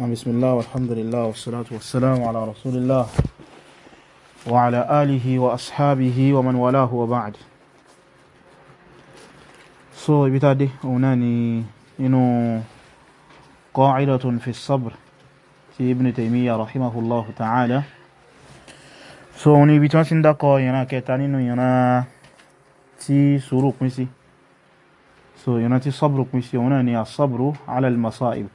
بسم الله والحمد لله والصلاة والسلام على رسول الله وعلى آله وأصحابه ومن والاه وبعد so ibi tá dé òun náà ni inú qa'idatun fi sabr ti ibn taymiyyah rahimahullah ta'ala so òun ni ibi tí wọ́n ti ń dákọ ìran kẹta nínú ìran tí sùúrù pín sí so ìran tí sabr pín sí òun náà ni as-sabru ala al-masa'ib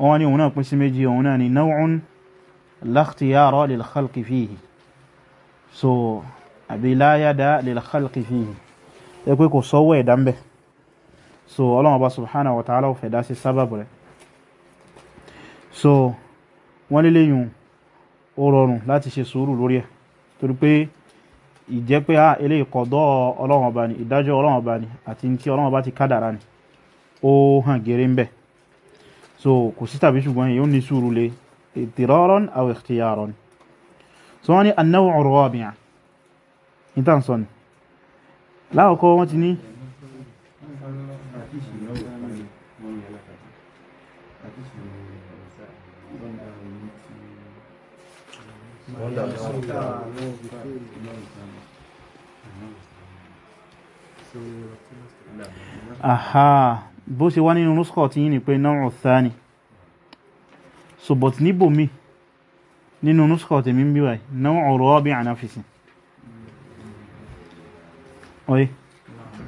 wọ́n wá ní òun náà pín sí méjì òun náà ni naw'un la ikhtiyara lil khalqi fihi so àbí la yada lil khalqi fihi ẹ pé kò sọ́wọ́ ẹ̀dá ń bẹ̀ so Ọlọ́run Ọba subhanahu wa ta'ala fẹ̀ dá sí sábàbù rẹ̀ so wọ́n lé léyìn ó rọrùn láti ṣe sùúrù lórí ẹ̀ torí pé ìjẹ́ pé ah ilé ìkọ̀dọ́ Ọlọ́run ni ìdájọ́ Ọlọ́run ni àti ní tí Ọlọ́run ti kádàrá ni ó hàn gẹ́rẹ́ ń bẹ̀ so kò sí tàbí ṣùgbọ́n yóò ní sùúrù lé ìtìrọ́rọ́n aw ikhtiyaron so wọ́n ní annáwọ̀ ọ̀rọ̀ ọ̀bìyàn intanson láàkọ́ wọ́n ti ní aha bó ṣe wá nínú nuskọ̀ tí yí ni pé náà thani so but níbò mi nínú nuskọ̀ tèmi ń bíwáyì náà ọ̀rọ̀ bí ànáfisì oye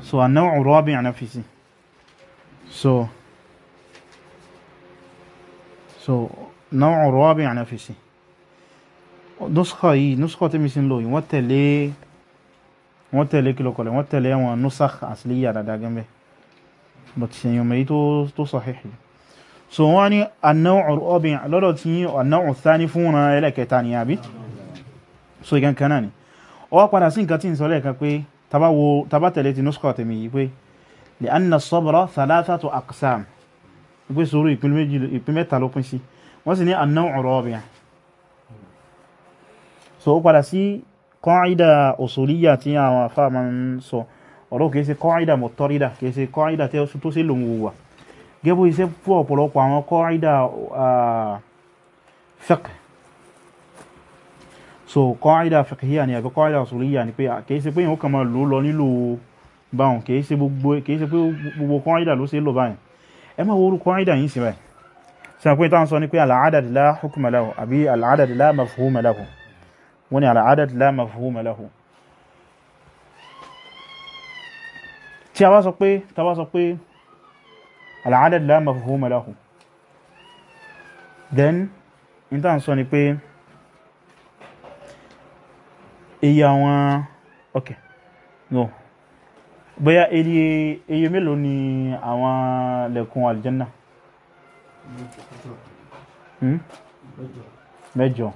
so náà ọ̀rọ̀ bí ànáfisì so so náà ọ̀rọ̀ bí ànáfisì nuskọ̀ yìí nuskọ̀ tèmi sí ń lò yìí wọ́n tẹ̀lé wọ́n tẹ̀lé kílọ̀kọ̀lẹ̀ wọ́n tẹ̀lé àwọn nusakh asliya dáadáa gẹ́gẹ́ but ṣèyàn mẹ́yí tó sọ̀hẹ́hì so wọ́n ní annáwọ̀ ọ̀bìn lọ́dọ̀ tí yí annáwọ̀ thani fún ọ̀nà ẹlẹ́kẹta ni àbí so igan kan náà ni ọwọ́ padà sí nǹkan tí ń sọ lẹ́ẹ̀kan pé tàbá tẹ̀lé ti nuskọ̀ tẹ̀mí yìí pé lè anna sọ́bọ̀rọ̀ thalathatu aqsam pé sórú ìpín mẹ́ta ló pín sí wọ́n sì ní annáwọ̀ so ó padà sí kọ́ńídà ọ̀rọ̀ kìí ṣe kọ́ìdà mọ̀tọ́rídà kìí ṣe kọ́ìdà tó ṣe lòun wùwà gẹ́bù iṣẹ́ fún ọ̀pọ̀lọpọ̀ àwọn kọ́ìdà fiqh so kọ́ìdà fiqhiyya ni àbí kọ́ìdà usuliyya ni pé kìí ṣe pé yíò kàn máa lò lọ nílò báwọn kìí ṣe gbogbo kọ́ìdà ló ṣe lò báyìí ẹ máa wo orú kọ́ìdà yìí sí báyìí sọ pé táwọn sọ ní pé al-adad la hukma lahu tí a wá sọ pé tí a wá sọ pé al-adad la mafhuma then in ta n sọ ni pé iye àwọn ok no bóyá iye iye mélòó ni àwọn lẹ́kùn aljanna hmm? mẹ́jọ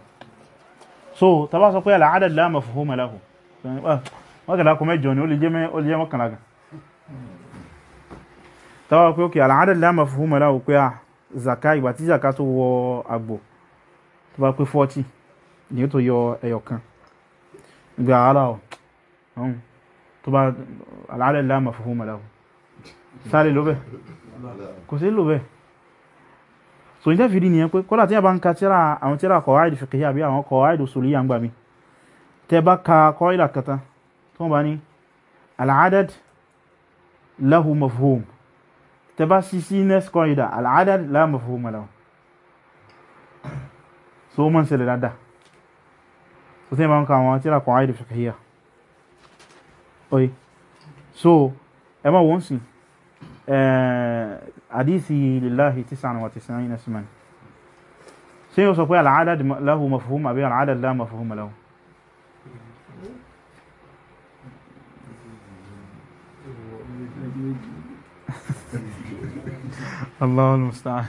so ta bá sọ pé al-adad la mafhuma lahu wọ́n kẹ́lá kọ mẹ́jọ ni ó lè jẹ́ mọ́kànlá kan tọ́wọ́ pé òkè àlàádẹ́ láàmà fún mọ́lá ò pé à zaka ìgbà tí zaka tó wọ àgbò tó bá pé 40 ni ó tó yọ ẹyọ kan ìgbà àárá ọ̀ ọ̀hún tó bá àlàádẹ́ láàmà fún mọ́lá ò sáré ló bẹ̀ kò sí ló bẹ̀ so ní tẹ́fìdí nìyẹn pé kọ́lá tí a bá ń ka tíra àwọn tíra kọ̀wáìdì fìkìyà àbí àwọn kọ̀wáìdì usuliyya ń gbà mí tẹ́ bá ka kọ́ ìlà kata tó bá ní àlàádẹ́ lahu mafhum tẹba sí sí next corridor al-adad la mafhuma lahu so mọ́ sílẹ̀ dáadáa so tí ma ń ka àwọn tíra qawaid fiqhiyya oye so ẹ ma wọ́n sí hadithi lillahi tis'an wa tis'ina isman ṣe yóò sọ pé al-adad lahu mafhuma àbí al-adad la mafhuma lahu الله المستعان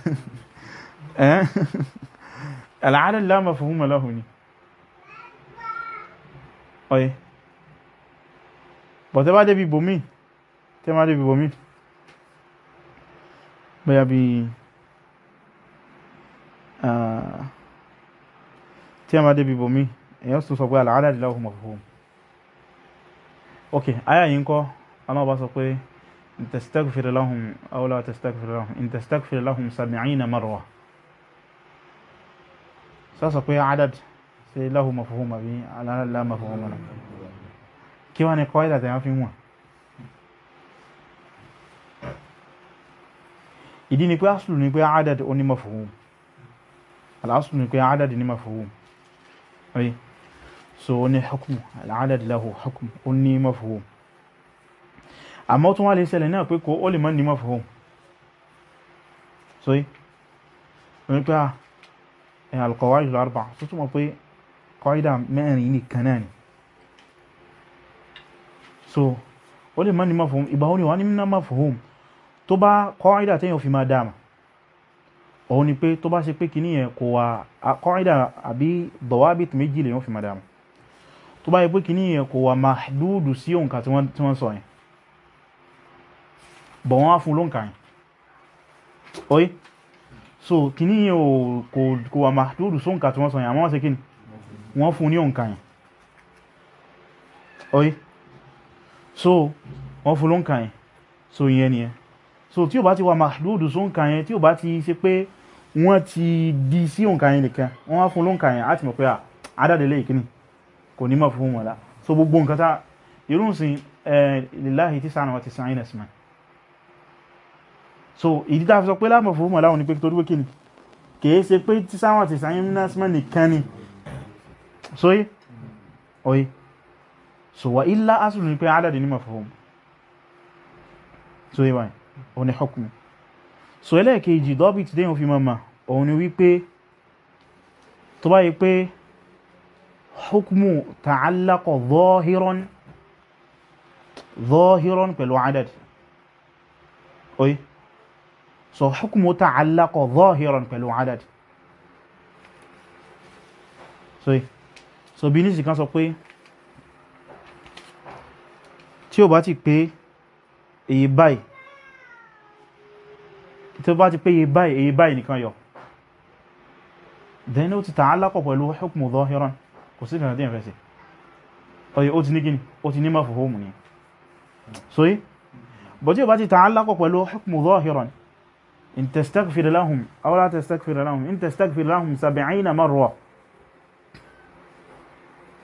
العدد لا مفهوم له ني oye bọ̀ tẹ́ bá débi bòmí tẹ́ bá débi bòmí bóyá bí tí a máa débi bòmí èyàn tó sọ pé al-adad lahu mafhum ok ayá yìí ń kọ́ aláwọ̀ bá sọ pé إن تستغفر لهم أو لا تستغفر لهم إن تستغفر لهم سبعين مرة sọ́sọ̀kú ya adad sí lahu mafuhuma bí aláàlá mafuhuma náà kí wá ní kọ́ ìdàtà ya fi wọ́n ìdí ni pé asùlù ni pé adad ó ní mafuhum al'asùlù ni pé adad ní mafuhum rí so ó ní hukum al'adad lahu hukum ó ní mafuhum àmọ́ tún wá lè ṣẹlẹ̀ náà pé kó ó lè mọ́ nímọ̀ fún òun so yí ní pé ah, eh, al-qawaid al-arba'a tó túnmọ̀ pé qaida mẹ́rin nìkan náà ni so ó lè mọ́ nímọ̀ fún òun ìgbà òní ní mímọ̀ fún tó bá qaida tẹ́yìn òfin máa dáàmà òun ni pé tó bá ṣe pé kìíní yẹn kò wà qaida àbí dawabit méjì lèyàn òfin máa dáàmà tó bá yẹ pé kìíní mahdudu sí òǹkà tí wọ́n bọ̀ wọ́n á fún ló ń kàn oye so kìíní yìí kò wà máa tó rùsọ́ nǹkan tí wọ́n sọ yìí àmọ́ wọ́n ni wọ́n fún ní òǹkà oye so wọ́n fún ló ń kàn so ìyẹn nìyẹn so tí ó bá ti wà máa tó rùsọ́ nǹkan yẹn tí ó bá ti ṣe pé wọ́n ti di sí òǹkà yìí nìkan wọ́n á fún ló ń kàn á ti mọ̀ pé àdádélé ìkíní kò ní mọ̀ fún wọn lá so gbogbo nǹkan tá irúnsìn eh, lillahi tis'an wa tis'ina isman so ìdí tá a fi sọ pé láàmọ̀ fòrúmọ̀ láwọn ni pé torí pé kíni kìí ṣe pé tí sáwọn àti sáyẹn násmọ̀ nìkan ni sóyí oyi so wà ilá asùn ni pé adàdì ní mafhum sóyí wáyé òun ni hukmu so ẹlẹ́ẹ̀kejì oyi so hukumu ta'allaqa zahiran pẹ̀lú adad so so bí nísì kan sọ pé tí ó bá ti pé èyí báyìí tí ó bá ti pé èyí báyìí èyí báyìí nìkan yọ then ó ti ta'allaqa pẹ̀lú hukumu zahiran kò sí ìrìnàdí ìrẹsì ọ̀yẹ̀ ó ti ní gíní ó ti ní mafhumu ni so yí bọ̀ tí ó bá ti ta'allaqa pẹ̀lú hukumu zahiran إن تستغفر لهم أو لا تستغفر لهم إن تستغفر لهم سبعين مرة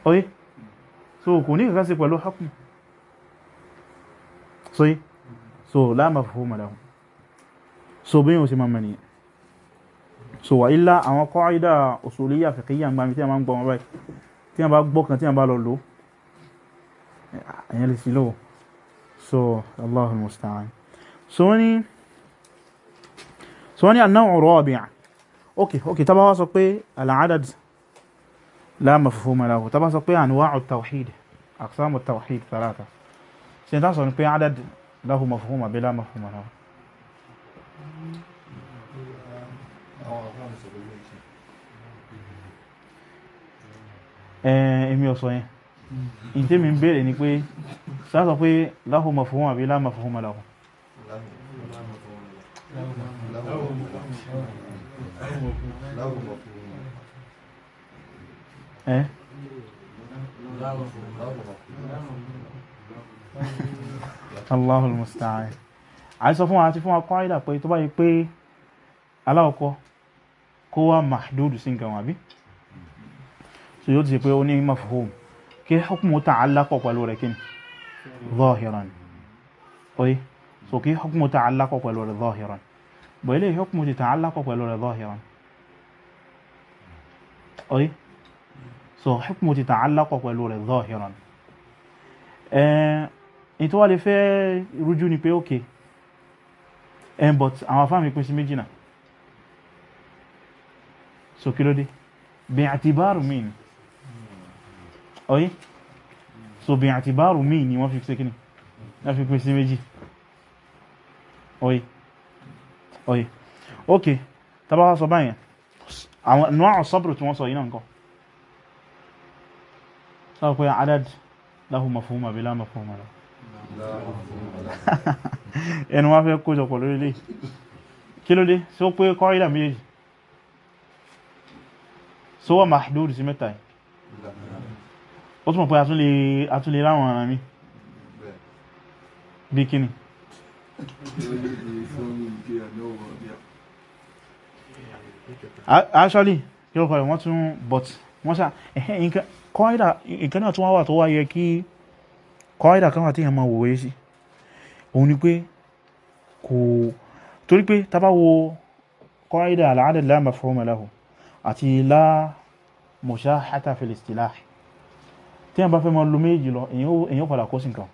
أي so kò ní kankan sí pẹ̀lú hakum so yí so la mafhuma lahum so bí yíò sí mamman ni so wà ilá àwọn qaida usuliyya fiqhiyya ń gbami tí a máa ń gbọ́ wọn báyìí tí a bá gbọ́ kan tí a bá lọ lò àyẹ́lẹ́sí lọ́wọ́ so Allahul musta'an so ni so wọ́n ní an-naw'u rabi' ok ok tàbá wá sọ pé al-adad la mafhuma lahu tàbá sọ pé anwa'u at-tawhid aqsamu at-tawhid thalatha ṣe tá sọ ní pé adad lahu mafhuma bí la mafhuma lahu èmi ọ̀sọ̀ yẹn in tí mi ń bèèrè ni pé sáà sọ pé lahu mafhuma bí la mafhuma lahu ẹ. Eh? Allahul musta'an àìsọ fún wa àti fún wa kọ́ àìdà pé tó bá yẹ pé aláwọ̀kọ́ kó wá mahdudu sí nǹkan wàbí so yóò ti pé ó ní mafhum kí hukumu ta'allaqa pẹ̀lú rẹ̀ kí ni zahiran oye so kí hukmu ta'allaqu pẹ̀lú rẹ̀ zahiran bọ̀ ilé hukmu ti ta'allaqu pẹ̀lú rẹ̀ zahiran oye so hukmu ti ta'allaqu pẹ̀lú rẹ̀ zahiran ẹ̀yìn tó wà lè fẹ́ rújú ni pé ok ẹn but àwọn afáàmì pín sí méjì náà so kí ló dé bi'tibaru min oye so bi'tibaru min ni wọ́n fi ṣe kíni wọ́n fi pín sí méjì oye oye ok tàbá wá sọ báyẹn àwọn anwa'u sabr tí wọ́n sọ iná nǹkan sáwọn pé adad lahu mafhuma bila mafhuma la ẹnu wá fẹ́ kójọ pọ̀ lórí lè kí ló dé sí ó pé kọ́ ìdà méjèèjì so wọ́n mahdud sí mẹ́ta yìí ó túnmọ̀ pé a tún lè ráwọn ara mi bí actually yóò kọ̀ wọ́n tún but wọ́n sá ẹ̀hẹ́ nǹkan náà tún wá wà tó wá yẹ kí kọ́ídà kan wà tí ẹ̀mọ̀ wòye sí òun ni pé kò torí pé tá wo kọ́ídà al-adad la mafhuma lahu àti la mushahata fil istilah tí wọ́n bá fẹ́ mọ́ lómé jùlọ èyàn ó padà kó sí nǹkan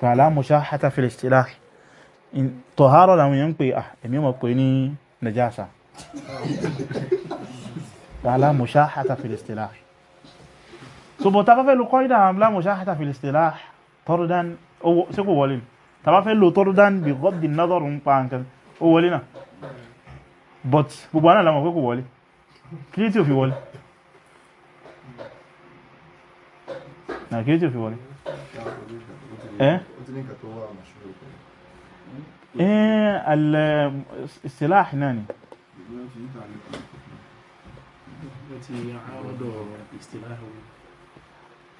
fàlá mushahata fil istilah tọ̀hárọ̀ làwọn èèyàn ń pè à èmi mọ̀ pé ní najasa fàlá mushahata fil istilah so bọ̀ tàbá fẹ́ lo kọ́ídà àmlá mushahata fil istilah tọ́rọdán owó sí kò wọlé tàbá fẹ́ lo tọ́rọdán bí gọ́bdì nádọ́rùn pa nǹkan ó wọlé náà but na kí tí ò fi wọlé السلاح ناني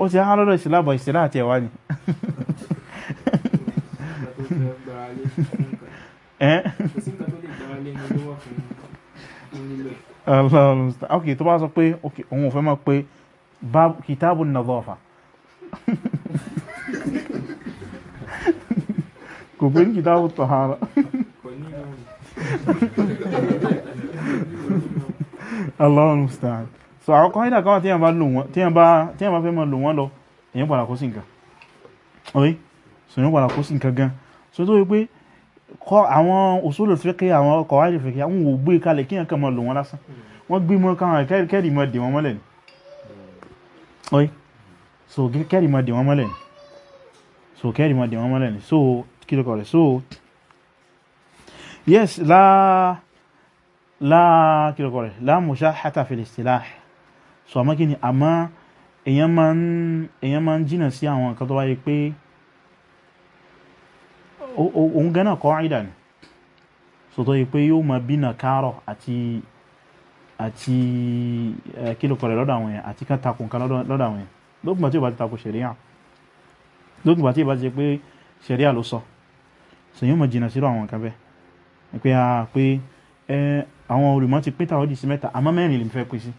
ó ti há lọ́dọ̀ ìsìlá bọ̀ ìsìlá àti ẹ̀wà ni ok tó bá sọ pé òun ò fẹ́ mọ́ pé kìtàbù nadhafa Kùbín kitabu Tahara. Allahu musta'an. So àwọn kan hídà káwà tí yàn bá fẹ́ mọ́ lò wọ́n lọ, èyàn padà kó sí nǹkan. Orí, so èyàn padà kó sí nǹkan gan. So tó wípé kọ́ àwọn usul al-fiqh àwọn ọkọ̀ wáyé fẹ́kẹ́ àwọn ò gbé kalẹ̀ kíyàn kan mọ́ lò wọ́n lásán. Wọ́n gbé mọ́ káwọn kẹ́rì mọ́ dè wọ́n mọ́lẹ̀ so kẹ́rì mọ́ dè wọ́n mọ́lẹ̀ So kẹ́rì mọ́ dè wọ́n mọ́lẹ̀ So kí ló kọ so yes la la kí ló kọ rẹ̀ la mushahata fil istilah so àmọ́ kí ni àmọ́ èyàn máa ń èyàn máa ń jìnà sí àwọn nǹkan tó wáyé pé òun gánà qaida ni so tó yẹ pé yóò máa bínà káàrọ̀ àti àti kí ló kọ rẹ̀ lọ́dọ̀ àwọn yẹn àti kan takùn kan lọ́dọ̀ àwọn yẹn lókùnbà tí ò bá ti takùn ṣẹ̀ríà lókùnbà tí ò bá ti ṣe pé ṣẹ̀ríà ló so so yóò mọ̀ jìnnà sírò àwọn nǹkan bẹ́ẹ̀ pé a pé àwọn olùmọ̀ ti pín tàwọ́dì sí mẹ́ta àmọ́ mẹ́rin lè fẹ́ pín sí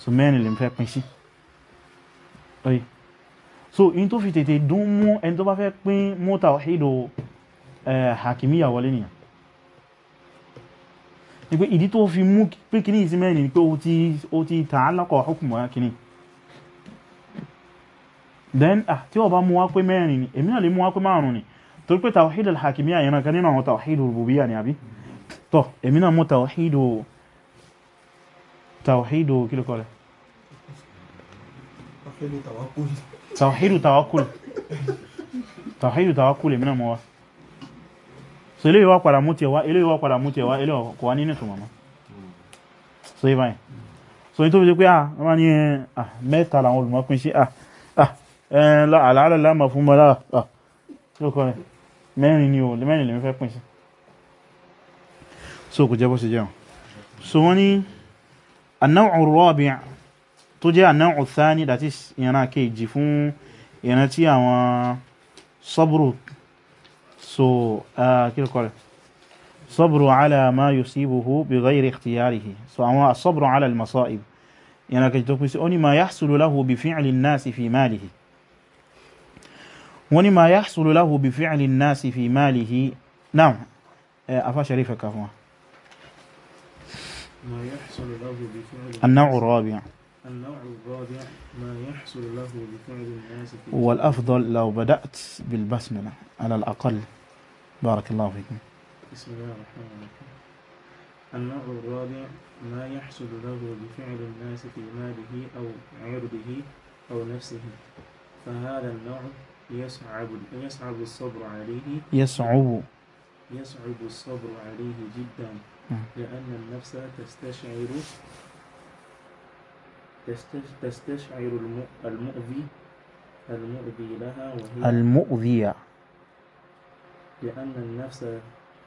so mẹ́rin lè fẹ́ pín sí oye so in tó fi tètè dún mú ẹni tó bá fẹ́ pín mú tàwọ́hídò hakimiyya wọlé nìyàn ni pé ìdí tó fi mú pín kìíní sí mẹ́rin ni pé ó ti tààlákọ̀ hukumu kìíní then ah tí ó bá mú wá pé mẹ́rin ni èmi náà lè mú wá pé márùn ni torí pé tawhid al-hakimiyya yana kan nínú àwọn tawhid rububiyya ni àbí tó èmi náà mú tawhid tawhid kilo kole tawhid tawakkul tawhid tawakkul èmi náà mú wá so ile wa padà mú ti wá ile wa padà mú ti wá ile kò wá nínú tuma so ibai so in tó bí ah ma ni ah mẹ́ta làwọn olùmọ̀ pín sí ah àlàálàlá ma fún mọ́lá ah, lókọ́ rẹ̀ mẹ́rin ni o mẹ́rin lè mẹ́fẹ́ pín sí so kò jẹ́ bó ṣe jẹun so wọ́n ni an-naw'u ar-rabi' tó jẹ́ an-naw'u ath-thani that is ìran kejì fún ìran tí àwọn sabru so kílùkọ́ rẹ̀ sabru ala ma yusibuhu bighayri ikhtiyarihi so àwọn as-sabru ala al-masa'ib kejì tó pín sí ó ní ma yahsulu lahu bi fi'li an-nasi fi malihi وني ما يحصل له بفعل الناس في ماله نعم افا malihi náà ما يحصل له بفعل النوع الرابع النوع الرابع ما يحصل له بفعل الناس في والأفضل لو بدأت بالبسملة على الأقل بارك الله فيكم بسم الله الرحمن الرحيم النوع الرابع ما يحصل له بفعل الناس في ماله أو عرضه أو نفسه فهذا النوع يصعب يصعب الصبر عليه يصعب يصعب الصبر عليه جدا نعم. لأن النفس تستشعر تستشعر المؤذي المؤذي لها وهي المؤذية لأن النفس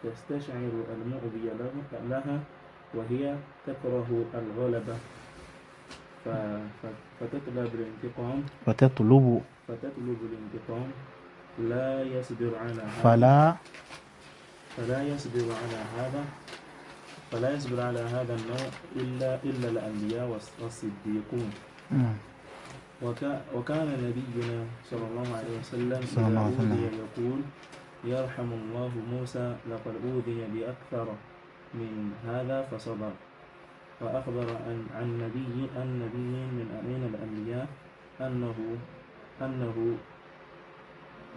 تستشعر المؤذي لها وهي تكره الغلبة فتطلب الانتقام وتطلب فتطلب الانتقام لا يصبر على هذا فلا فلا يصبر على هذا فلا يصبر على هذا النوع إلا إلا الأنبياء والصديقون وكان نبينا صلى الله عليه وسلم صلى الله عليه وسلم يقول يرحم الله موسى لقد أوذي بأكثر من هذا فصبر فأخبر عن عن نبي عن نبي من أمين الأنبياء أنه أنه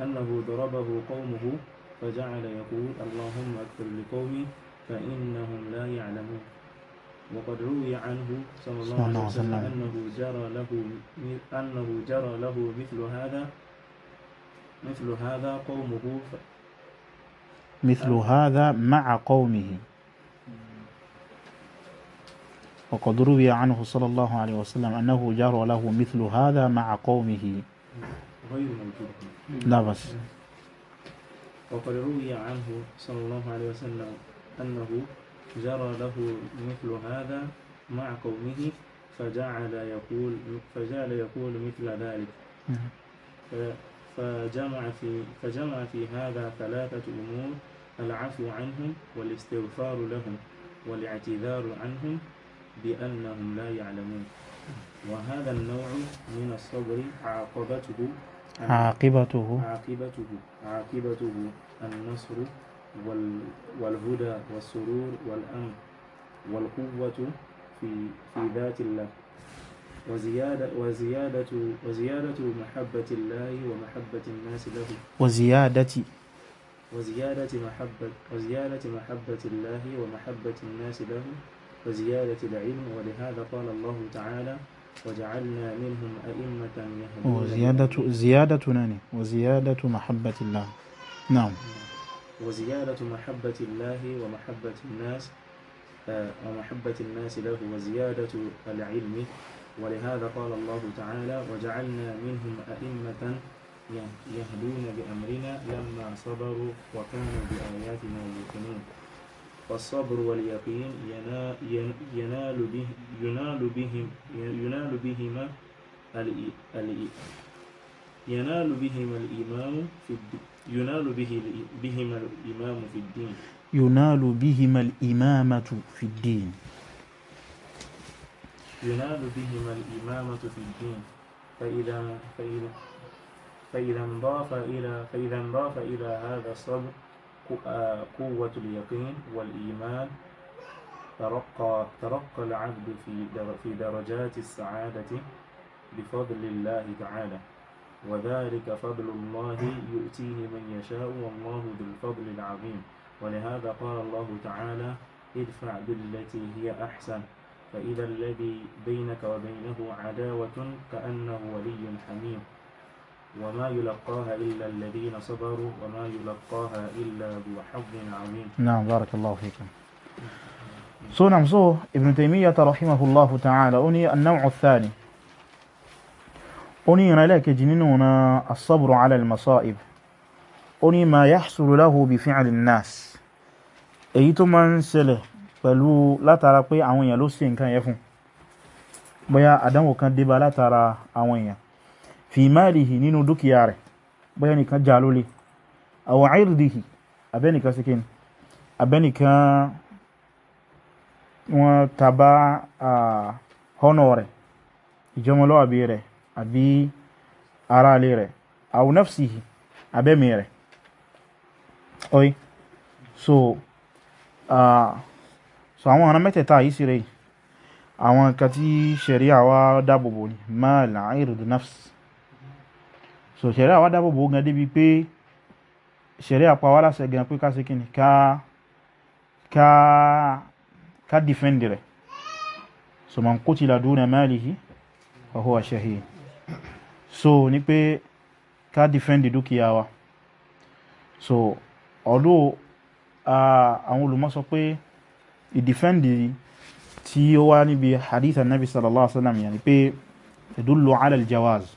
أنه ضربه قومه فجعل يقول اللهم اغفر لقومي فإنهم لا يعلمون وقد روي عنه صلى الله عليه وسلم أنه جرى له أنه جرى له مثل هذا مثل هذا قومه ف... مثل هذا مع قومه وقد روي عنه صلى الله عليه وسلم أنه جرى له مثل هذا مع قومه غير موجود لا بس وقد روي عنه صلى الله عليه وسلم أنه جرى له مثل هذا مع قومه فجعل يقول فجعل يقول مثل ذلك فجمع في فجمع في هذا ثلاثة أمور العفو عنهم والاستغفار لهم والاعتذار عنهم بأنهم لا يعلمون وهذا النوع من الصبر عاقبته عاقبته عاقبته عاقبته النصر والهدى والسرور والأمن والقوة في في ذات الله وزيادة وزيادة وزيادة محبة الله ومحبة الناس له وزيادة وزيادة محبة وزيادة محبة الله ومحبة الناس له وزيادة العلم ولهذا قال الله تعالى وجعلنا منهم أئمة يهدون وزيادة زيادة ناني وزيادة محبة الله نعم وزيادة محبة الله ومحبة الناس آه، ومحبة الناس له وزيادة العلم ولهذا قال الله تعالى وجعلنا منهم أئمة يهدون بأمرنا لما صبروا وكانوا بآياتنا يوقنون فالصبر واليقين ينال به ينال بهم ينال بهما ينال بهما الإمام في ينال به بهما الإمام في الدين ينال بهما الإمامة في الدين ينال بهما الإمامة في الدين فإذا فإذا فإذا انضاف إلى فإذا انضاف إلى هذا الصبر آه، قوة اليقين والإيمان ترقى ترقى العبد في في درجات السعادة بفضل الله تعالى وذلك فضل الله يؤتيه من يشاء والله ذو الفضل العظيم ولهذا قال الله تعالى ادفع بالتي هي أحسن فإذا الذي بينك وبينه عداوة كأنه ولي حميم وما يلقاها إلا الذين صبروا وما يلقاها إلا ذو حظ عظيم نعم بارك الله فيكم صنع مصوه ابن تيمية رحمه الله تعالى أني النوع الثاني أني لك جنيننا الصبر على المصائب أني ما يحصل له بفعل الناس èyí تمن máa ń ṣẹlẹ̀ pẹ̀lú látara pé àwọn èèyàn ló ṣe nǹkan yẹn fún bóyá àdánwò kan látara àwọn èèyàn fi máàlìhì nínú dúkìá rẹ̀ bóyá nìkan já lólè àwọn àìrìdìhì abẹ́nìkan sí kíni abẹ́nìkan wọ́n tàbá ọ̀nà rẹ̀ ìjọmọlọ́wàbí rẹ̀ àbí ara alé rẹ̀ àwọn nafsihi abẹ́mì rẹ̀ oi so so àwọn ọ̀nà mẹ́tẹ̀ẹ̀ta yìí sí rẹ̀ àwọn nǹkan tí ṣẹ̀ríà wá dáàbòbò ní nafsi so ṣẹ̀rẹ́ àwádà bò bò gan débi pé ṣẹ̀rẹ́ àpá wa láṣẹ gan pé ká ṣe kíni ká ká ká defend rẹ̀ so man qutila duna malihi wa huwa so ni pé ká defend dúkìá wa so although àwọn olùmọ̀ sọ pé ìdífẹ́ndì tí ó wá níbi hadith annabi sallallahu alaihi wasallam yani pé ìdúlù ala aljawaz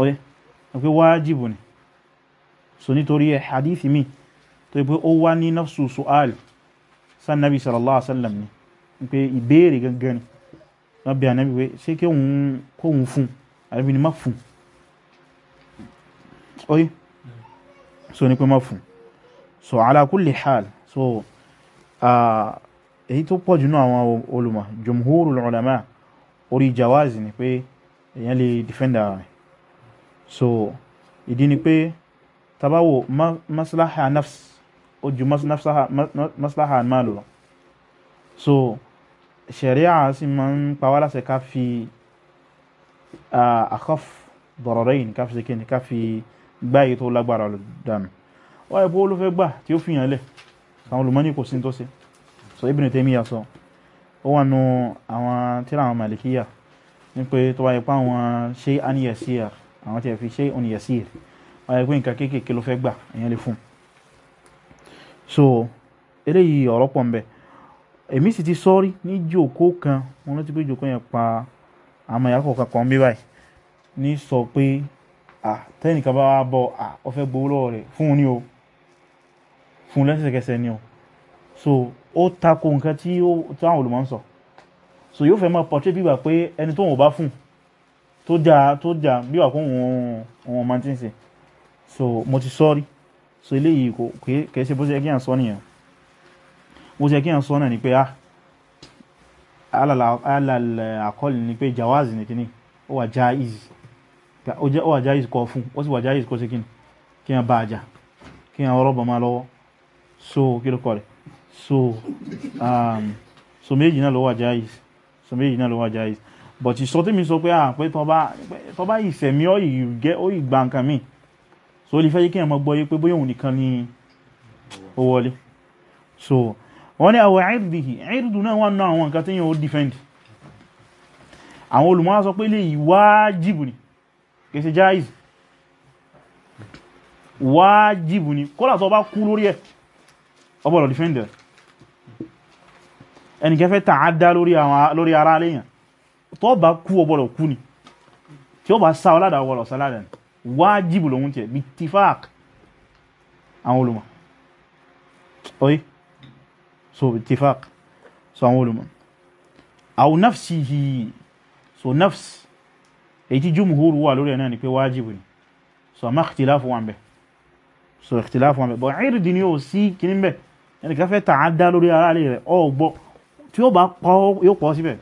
ọ̀yẹ́ pé wájìbù ni so nítorí ẹ̀ hadith mi tó yí pé ó wá ní nafsu su'al san nabi sallallahu alaihi wasallam ni pé ìbéèrè gangan ni wọ́n bí anábi pé ṣé kí òun kóhun fún anábi ni má fún ọ̀yẹ́ so ní pé má fún so ala kulli hal so èyí tó pọ̀ jùnú àwọn olùmọ̀ jumhurul ulama orí jawazi ni pé èyàn lè defend rẹ̀ so ìdí ni pé tabawo maslaha nafs ó ju maslaha mal lọ so sharia si máa ń pa wá láṣẹ ká fi akhaf dararain ká fi ṣe kíni ká fi gbáyé tó lágbára dànù wọ́n ẹ̀bọ́ ló fẹ́ gbà tí ó fi hàn lẹ̀ àwọn olùmọ́ní kò sí tó sí so Ibn Taymiyyah sọ O wà nù àwọn tíra àwọn malikiya ní pé tó wáyé pa àwọn ṣe aniyasiyar àwọn tí ẹ fi ṣe ònìyẹ sí ẹ ọyẹ pé nǹkan kéékèèké ló fẹ́ gbà èèyàn lè fún un so eléyìí ọ̀rọ̀ pọ̀ nbẹ èmi sì ti sọ́ọ́rí ní jòkó kan mo rántí pé jòkó yẹn pa àmọ́ ìyá kọ̀ọ̀kan kan bí báyìí ní sọ pé à tẹ́nìkan bá wá bọ̀ à ọ fẹ́ gbowó lọ́wọ́ rẹ̀ fún un ní o fún un lẹ́sẹ̀kẹsẹ̀ ní o so ó tako nǹkan tí àwọn olùmọ̀ ń sọ so yóò fẹ́ máa pọ̀tẹ́ bí gbà pé ẹni tó wọn ò bá fún un tó jà tó jà bí wà fún òun òun ọmọ tí ń ṣe so mo ti sọ́rí so eléyìí kò kìí ṣe bó ṣe kí à ń sọ nìyẹn bó ṣe kí à ń sọ náà ni pé ah alàlẹ̀ àkọlù ni pé jawazi ni kíní ó wà jaiz ó wà jaiz kọ fún ó sì wà jaiz kọ sí kíní kí wọ́n bá a kí wọ́n rọ́bà máa lọ́wọ́ so kí ló kọ́ rẹ̀ so um, so méjì náà ló wà jaiz so méjì but ìsọ tí mi sọ pé à ah, pé tọ́ bá ìsẹ̀mí ó ìgbà nǹkan mi so ó lè fẹ́ yí kí ẹmọ gbọ́ yí pé bóyá òun nìkan ni ó wọlé so wọ́n ní àwọ̀ ẹ̀rìdìhì ẹ̀rìdù náà wọ́n náà àwọn nǹkan tí yíò defend àwọn olùmọ́ sọ pé lè wájìbù ni kèsè jáìz wájìbù ni kọ́lá tọ́ bá kú lórí ẹ̀ ọbọ̀lọ̀ defender ẹnìkẹfẹ́ tàn á dá lórí ara léyàn tó bá kú ọgbọ̀lọ̀ kú ni tí ó bá sá ọládà ọgbọ̀lọ̀ sáládà ni wájìbù lòun tẹ̀ bí tifak àwọn olùmọ̀ oye so bí tifak so àwọn olùmọ̀ àwọn nafsi yìí so nafs èyí tí jùmùhúrù wà lórí ẹ̀nà ni pé wájìbù ni so àmá ìtìláfù wọn bẹ̀ so ìtìláfù wọn bẹ̀ bọ̀ ìrìdì ni ó sí kìíní bẹ̀ ẹnìkan fẹ́ tàá lórí ara rẹ̀ ọgbọ́ tí ó bá pọ̀ yóò pọ̀ síbẹ̀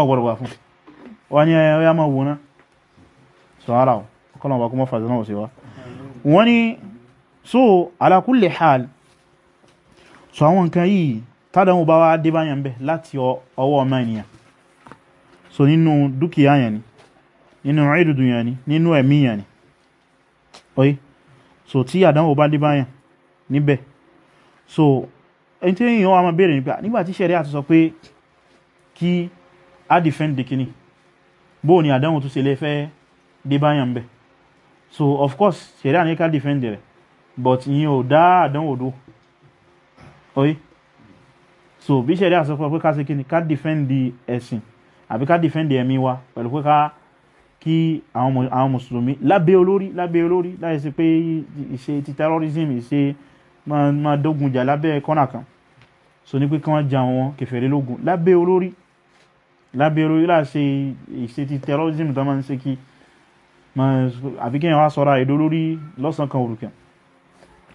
ọgbọ̀rọ̀gbà fún wọ́n ní ẹ̀yà máa wọ́n náà so ara ọkọ̀lọ̀ ọba kuma fàzẹ̀ náà sí wọ́n ni so ala kulli hal so àwọn nǹkan yìí tádàmù bá wá dé báyàn bẹ́ láti ọwọ́ ọmọ so nínú dúkìá ni nínú ìdùdù yẹn ni nínú ẹ̀mí yẹn ni oye so tí àdánwò bá dé báyàn níbẹ̀ so ẹni tí èèyàn wà máa béèrè nípa nígbà tí sẹ́rí àti sọ a defend dikini bóò ni àdánwò tó ṣe lè fẹ́ dé báyàn bẹ̀ so of course ṣẹ̀rí àní ká defend rẹ̀ but ìyẹn ò dá àdánwò dó oye so bí ṣẹ̀rí àsọpọ̀ pé ká ṣe kíni ká defend di ẹ̀sìn àbí ká defend ẹ̀mí wa pẹ̀lú pé ká kí àwọn mùsùlùmí lábẹ́ La lábẹ́ olórí láì sí pé ìṣe ti terrorism ìṣe máa dógun jà lábẹ́ kọ́nà kan so ní pé kí wọ́n ja wọn kèfèrí lógun lábẹ́ olórí lábẹ́rú ilá ṣe ìṣe ti terrorism tó máa ń ṣe kí àbí kí wọ́n sọ́ra èdò lórí lọ́sàn kan òrùkẹ́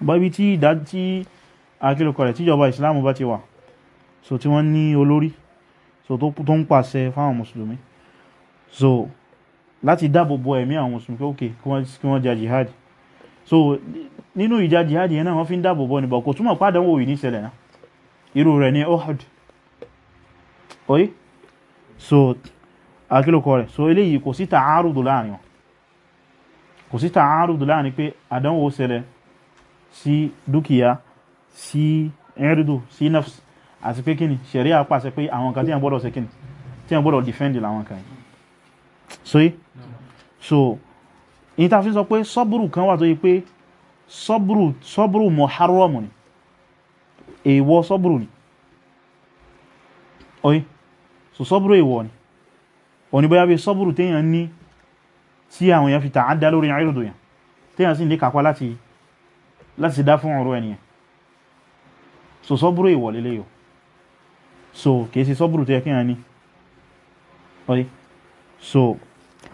bọ́bí tí ìdá tí akílùkọ̀ rẹ̀ tíjọba ìsìláàmù bá ti wà so tí wọ́n ní olórí so tó ń pàṣẹ fáwọn mùsùlùmí so láti dáàbò bo ẹ̀mí àwọn mùsùlùmí pé ok kí wọ́n jà jihad so nínú ìjà jihad yẹn náà wọ́n fi ń dáàbò bo nígbà kò túmọ̀ pàdánwò yìí ní ìṣẹ̀lẹ̀ náà irú rẹ̀ ní Uhud oye so akílòkọ rẹ̀ so eléyìí kò sí tààrùdù láàrin wọn kò sí tààrùdù láàrin pé àdánwò ṣẹlẹ̀ sí dúkìá sí ẹ̀rìdù sí nafs àti pé kíni ṣẹ̀ríà pàṣẹ pé àwọn kan tí a gbọ́dọ̀ ṣe kíni tí a gbọ́dọ̀ defend láwọn kan so yí so in ta fi sọ pé sọ́bùrù kan wà tó yí pé sọ́bùrù sọ́bùrù muharram ni èèwọ̀ sọ́bùrù ni oye so sọ́bùrù èwọ̀ ni òní bóyá bí sọ́bùrù téèyàn ní tí àwọn èèyàn fi tààdá lórí àìrùdò yàn téèyàn sì ní kàkwá láti dá fún ọ̀rọ̀ ẹniyàn so sọ́bùrù èwọ̀ lélẹ́ yọ so kìí sí sọ́bùrù tó yẹ ní ọdí so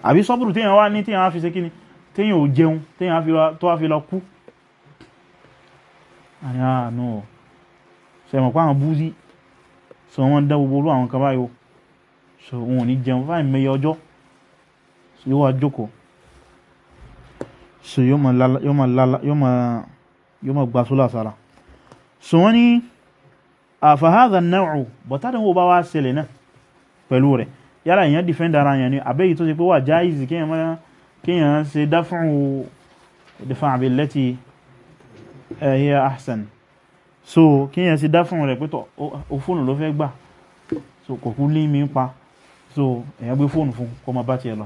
àbí sọ́bùrù téèyàn wá ní téèyàn wá fi ṣe kíni téèyàn ò jẹun téèyàn tó wá fi lọ kú àríyànú ah, sẹ́mọ̀ pàwọn búzí so wọ́n dá so wọn ò ní jẹun fáì mẹyẹ ọjọ́ yóò wá jókòó so yóò mọ̀ gbà sólà sára so wọ́n ni àfàhádà náà bọ̀tádà wọ́n bá wá ṣẹlẹ̀ náà pẹ̀lú rẹ̀ yára èyàn defend ara yẹn ni àbẹ́yì tó ṣe pé wà jáìzì kíyàn ṣe dáfún ìdífà àbílẹ́tì ẹ̀yẹ ahsan so kíyàn ṣe dáfún rẹ̀ pẹ́tọ̀ òfóònù ló fẹ́ gbà so kòkú lé mi pa so èyàn gbé fóònù fún kó má bá tiẹ̀ lọ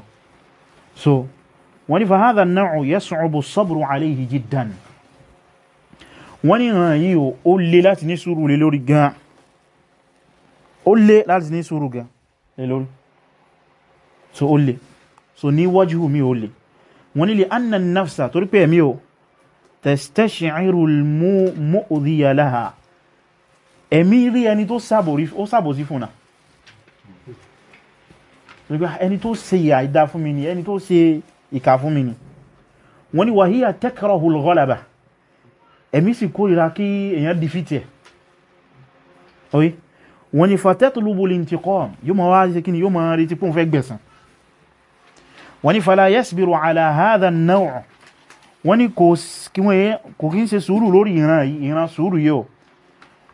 so wọ́n ní fahadha náà yas'ubu sabru alayhi jiddan wọ́n ní ràn yí ó lé láti ní sùúrù lé lórí gan ó lé láti ní sùúrù gan lé lórí so ó lé so ní wajhu mi ó lé wọ́n ní li anna nafsa torí pé ẹ̀mí o tastashiru al-mu'dhiya laha ẹ̀mí rí ẹni tó sàbòsí fún nígbà ẹni tó ṣe àìdá fún mi ni ẹni tó ṣe ìkà fún mi ni wọ́n ni wàhíyà takrahul ghalaba ẹ̀mí sì kórìíra kí èyàn dìfìtì ẹ̀ oye wọ́n ni fatatlubul intiqam yóò máa wá ṣe kí ni yóò máa retí pún fẹ́ gbẹ̀san wọ́n ni fala yasbiru ala hadha wọ́n ni kò kí ń ṣe sùúrù lórí ìran sùúrù yóò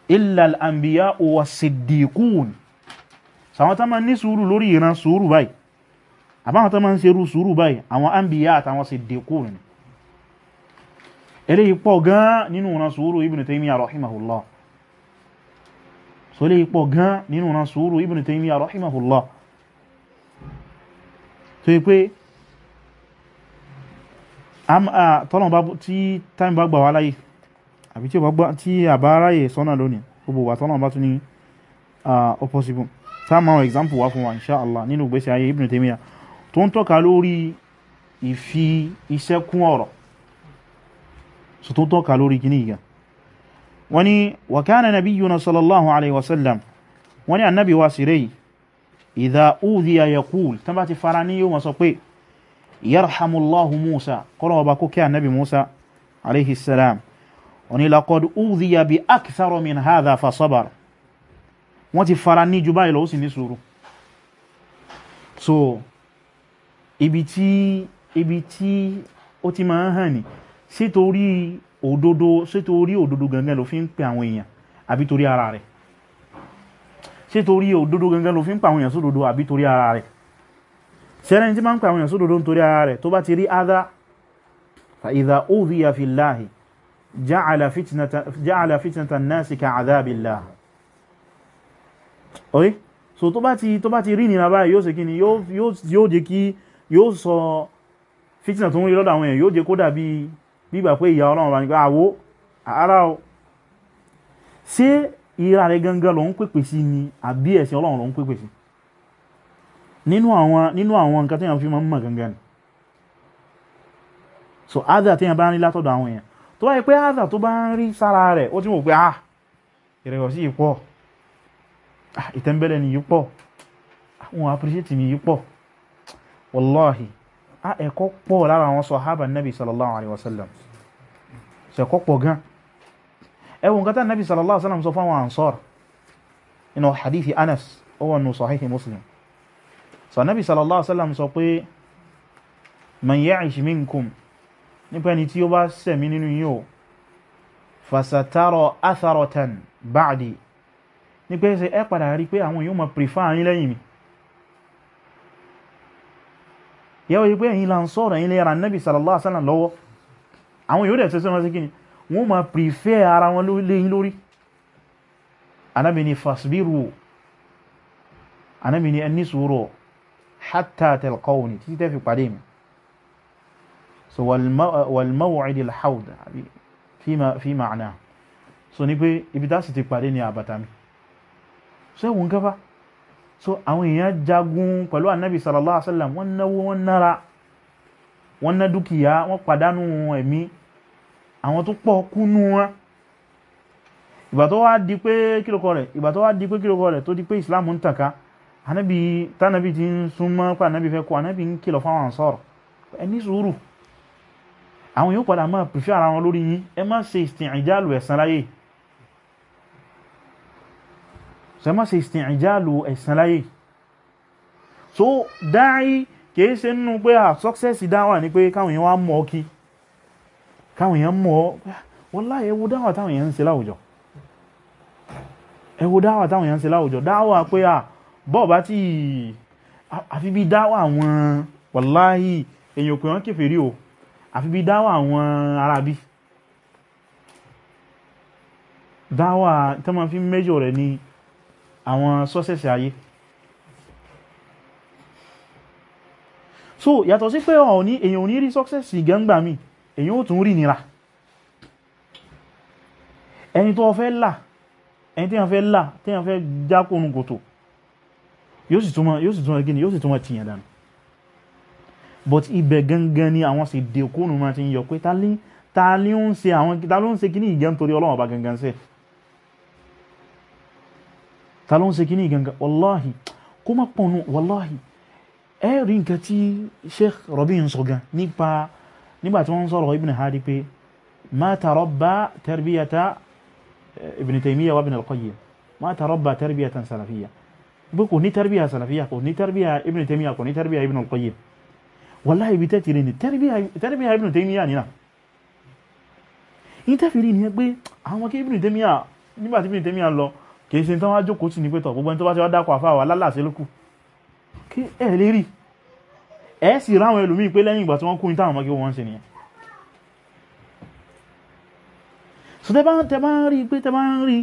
illa al-anbiya siddiqun sàwọn tán ma ní sùúrù lórí ìran sùúrù báyìí àbáwọn tán ma ń ṣe rú sùúrù báyìí àwọn anbiya àtàwọn siddiqun ni eléyìí pọ̀ gan nínú ìran sùúrù Ibn Taymiyyah rahimahullah so eléyìí pọ̀ gan nínú ìran sùúrù Ibn Taymiyyah rahimahullah so yí pé tí a bá ráyè sọ́nà lónìí gbogbo wà tọ́lọ̀ bá tún ní ó táàmù àwọn example wá fún wa insha Allah nínú ìgbésí ayé Ibn Taymiyyah tó ń tọ́ka lórí ìfi iṣẹ́ kún ọ̀rọ̀ so tó ń tọ́ka lórí gini ìgá wọ́n ni wa kana nabiyyuna sallallahu alaihi wasallam wọ́n ni annabi wa sí rẹ̀ idha udhiya yaqul tán bá ti fara ní yóò wọ́n ti fara ní ju báyìí lọ ó sì ní sùúrù so ibi tí ibi tí ó ti máa ń hàn ní sítorí òdodo sítorí òdodo gangan ló fi ń pè àwọn èèyàn àbí torí ara rẹ̀ sítorí òdodo gangan ló fi ń pè àwọn èèyàn sódodo àbí torí ara rẹ̀ sẹ́rẹ́ni tí máa ń pè àwọn èèyàn sódodo nítorí ara rẹ̀ tó bá ti rí adá fa idha udhiya fillahi ja'ala fitnata ja'ala fitnata an-nasi ka'adhabillah ọ̀rẹ́ so tó bá ti tó bá ti rí ìnira báyìí yóò ṣe kí ni yóò jẹ́ kí yóò sọ fitna tó ń rí lọ́dọ̀ àwọn èèyàn yóò jẹ́ kó dàbí bígbà pé ìyà ọlọ́run bá ní pé àwó ara o ṣé ìra rẹ̀ gangan ló ń pèpè sí ni àbí ẹ̀sìn ọlọ́run ló ń pèpè sí nínú àwọn nínú àwọn nǹkan téèyàn fi máa ń mọ̀ gangan ni so áza téèyàn bá ń rí látọ̀dọ̀ àwọn èèyàn tó bá yẹ pé áza tó bá ń rí sára rẹ̀ ó ti mọ̀ pé ah ìrẹ̀wọ̀sí ìpọ̀ Ah, ìtẹ́ńbẹ́lẹ̀ ni yìí pọ̀ ah, wọn appreciate mi yìí pọ̀ wallahi a ah, ẹ̀kọ́ pọ̀ lára àwọn sọ̀hábà nabi sallallahu alaihi wasallam ṣẹ̀kọ́ pọ̀ gan ẹwùn kátà nabi sallallahu alaihi wasallam sọ fáwọn ansar inú hadithi anas ó wà nù sahihi muslim so nabi sallallahu alaihi wasallam sọ pé man ya'ish ní pé ṣe ẹ padà rí pé àwọn yóò mọ̀ prefer àyín lẹ́yìn mi yẹ́wọ́ yí pé ẹ̀yin la ń sọ̀rọ̀ ẹ̀yin lẹ́yìn Ànábì sallallahu alaihi wasallam lọ́wọ́ àwọn yóò dẹ̀ tẹ́sẹ́ mọ́sí kíni wọ́n mọ̀ prefer ara wọn lẹ́yìn lórí Ànábì ni fasbiru Ànábì ni ẹ ní sùúrù hatta talqawni títí tẹ́ fi pàdé mi so wal maw'id ibi tá sì ti pàdé ni àbàtà ṣẹ́wọ̀n nǹkan fa so àwọn èèyàn jagun pẹ̀lú anabi sallallahu alaihi wasallam wọ́n náwó wọ́n nára wọ́n ná dúkìá wọ́n pàdánù ẹ̀mí àwọn tó pọ̀ kúnú wọn ìgbà tó wá di pé kílòkọ rẹ̀ ìgbà wá di pé kílòkọ rẹ̀ tó di pé islam ń tànká anabi tánàbí ti ń súnmọ́ pé anabi fẹ́ kó anabi ń kìlọ̀ fáwọn sọ̀rọ̀ ẹ ní sùúrù àwọn yóò padà máa pèfẹ́ ara wọn lórí yín ẹ má ṣe ìsìn àjálù ẹ̀sán láyé tẹ má ṣe isti'jalu ẹ̀sàn láyé so dáì kìí ṣe nínú pé à success dáwà ní pé káwọn èèyàn wá mọ̀ kí káwọn èèyàn mọ̀ wallahi ẹ wo dáwà táwọn èèyàn ń ṣe láwùjọ ẹ wo dáwà táwọn èèyàn ń ṣe láwùjọ dáwà pé à bọ́ọ̀bá tí wọn kèfèrí o àfi bí dáwà àwọn arábí dáwà tẹ́ ma fi mẹ́jọ rẹ̀ ni àwọn sọ́sẹ̀sì ayé so yàtọ̀ sí pé èyàn ò ní rí sọ́sẹ̀sì gẹ́ngbà mi èyàn ò tún rí nira ẹni tó fẹ́ là ẹni tíyàn fẹ́ là tíyàn fẹ́ jákónú kòtò yóò sì túnmọ̀ yóò sì túnmọ̀ gíní yóò sì túnmọ̀ tíyàn dànù but ibẹ̀ gangan ni àwọn sì dẹ̀kónù máa ti ń yọ pé ta ló ń ṣe kíní ìgẹ́ nítorí Ọlọ́run bá gangan sẹ́ẹ̀ ta ló ń ṣe kíní gangan wàláhì kó má pọnù wàláhì ẹ rí nǹkan tí Sheikh Rabi ń sọ gan nípa nígbà tí wọ́n ń sọ̀rọ̀ Ibn Hadi pé ma tarabba tarbiyata eh, Ibn Taymiyyah wa Ibn al-Qayyim ma tarabba tarbiyatan salafiyya pé kò ní tarbiya salafiyya kò ní tarbiya Ibn Taymiyyah kò ní tarbiya Ibn al-Qayyim wàláhì ibi ni tarbiya Ibn Taymiyyah nínà yìí tẹ́ ni pé àwọn kí Ibn Taymiyyah nígbà tí Ibn Taymiyyah lọ kìí ṣe tán wá jókòó sí ní pé tọ̀ gbogbo ẹni tó bá ti wá dákọ̀ àfáà wà lálàsẹ́ lókù kí ẹ lè rí ẹ sì ráwọn ẹlòmíì pé lẹ́yìn ìgbà tí wọ́n kú ní táwọn ọmọ kí wọ́n ṣe nìyẹn so tẹ bá ń tẹ bá ń rí pé tẹ bá ń rí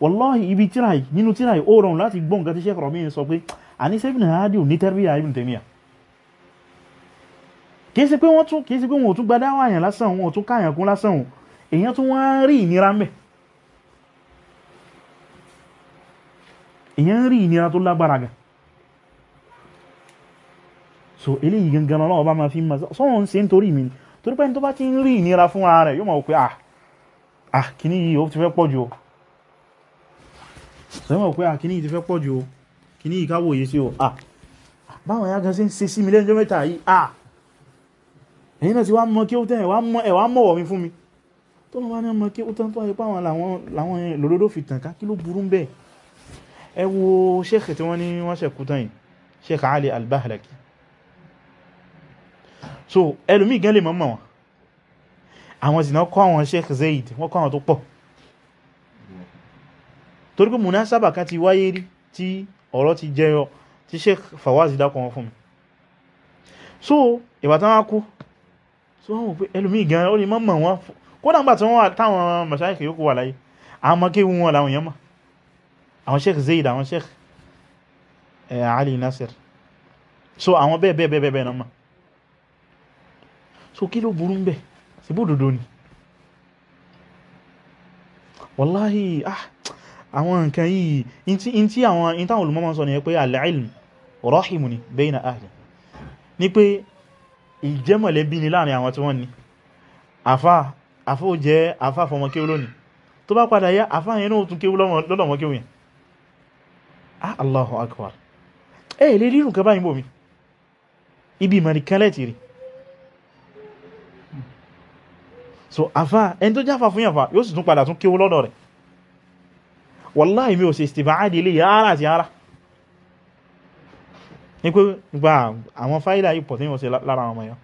wallahi ibi tíra yìí nínú tíra yìí ó rọrùn láti kìí ṣe pé wọ́n tún kìí àyàn lásán wọn tún káyàn kún lásán èèyàn tún wọ́n rí ìnira mẹ́ẹ̀ èyàn rí ìnira tó lágbára gan so eléyìí gangan ọlọ́wọ́ bá ma fi ma sọ́wọ́n ṣe ń torí mi torí pé tó bá ti ń rí ìnira fún ara rẹ̀ yóò mọ̀ pé ah ah kíní yìí ó ti fẹ́ pọ̀ jù o so yóò mọ̀ pé ah kíní yìí ah báwọn ya gan ṣe ń ṣe sí mi ah èyí náà ti wá mọ kí ó tẹ́yìn wá mọ̀wọ̀ mi fún mi tó lọ wá ní ọmọ kí ó tán tó ayé pé làwọn lòdòdó fi kí ló burú bẹ́ẹ̀ ẹ wo sheikh tí wọ́n ní wọ́n ṣẹ̀kú yìí sheikh ali al so ẹlòmí gan lè mọ́mọ̀ wọn àwọn sì náà kọ́ àwọn sheikh zaid wọ́n kọ́ àwọn tó pọ̀ torí pé munasaba kan ti wáyé rí tí ọ̀rọ̀ ti jẹyọ tí sheikh fawazi dákọ̀ wọn fún mi so ìwà tán so wọ́n wò pé ẹlòmí gan ó lè mọ́mọ̀ wọn kódà nígbà tí àwọn sheikh zaid àwọn sheikh eh, ali nasir so àwọn bẹ́ẹ̀ bẹ́ẹ̀ bẹ́ẹ̀ bẹ́ẹ̀ náà so kí ló burú ń bẹ̀ sí bó dòdó ni wallahi ah àwọn nǹkan yìí in tí àwọn intan olùmọ́mọ́ sọ ni pé al-ilm rahimu ni bayna ahli ni pé ìjẹ́mọ̀lẹ́bí ni láàrin àwọn tí wọ́n ni àfá àfó jẹ́ àfá fọmọ lónìí tó bá padà yá àfá yẹn náà tún kéwú lọ́lọ́mọ yẹn ah Allahu akbar ẹ eh, lè rírùn kẹ báyìí bòmí ibi ìmọ̀nìkanlẹ̀ ti rí so afá ẹni tó jáfà fún yànfà yóò sì tún padà tún kéwú lọ́dọ̀ rẹ̀ wallahi mi ò ṣe istibadi ilé yàrá àti yàrá ní pé gba àwọn fáìlà ipò tí wọ́n ṣe lára ọmọ yàn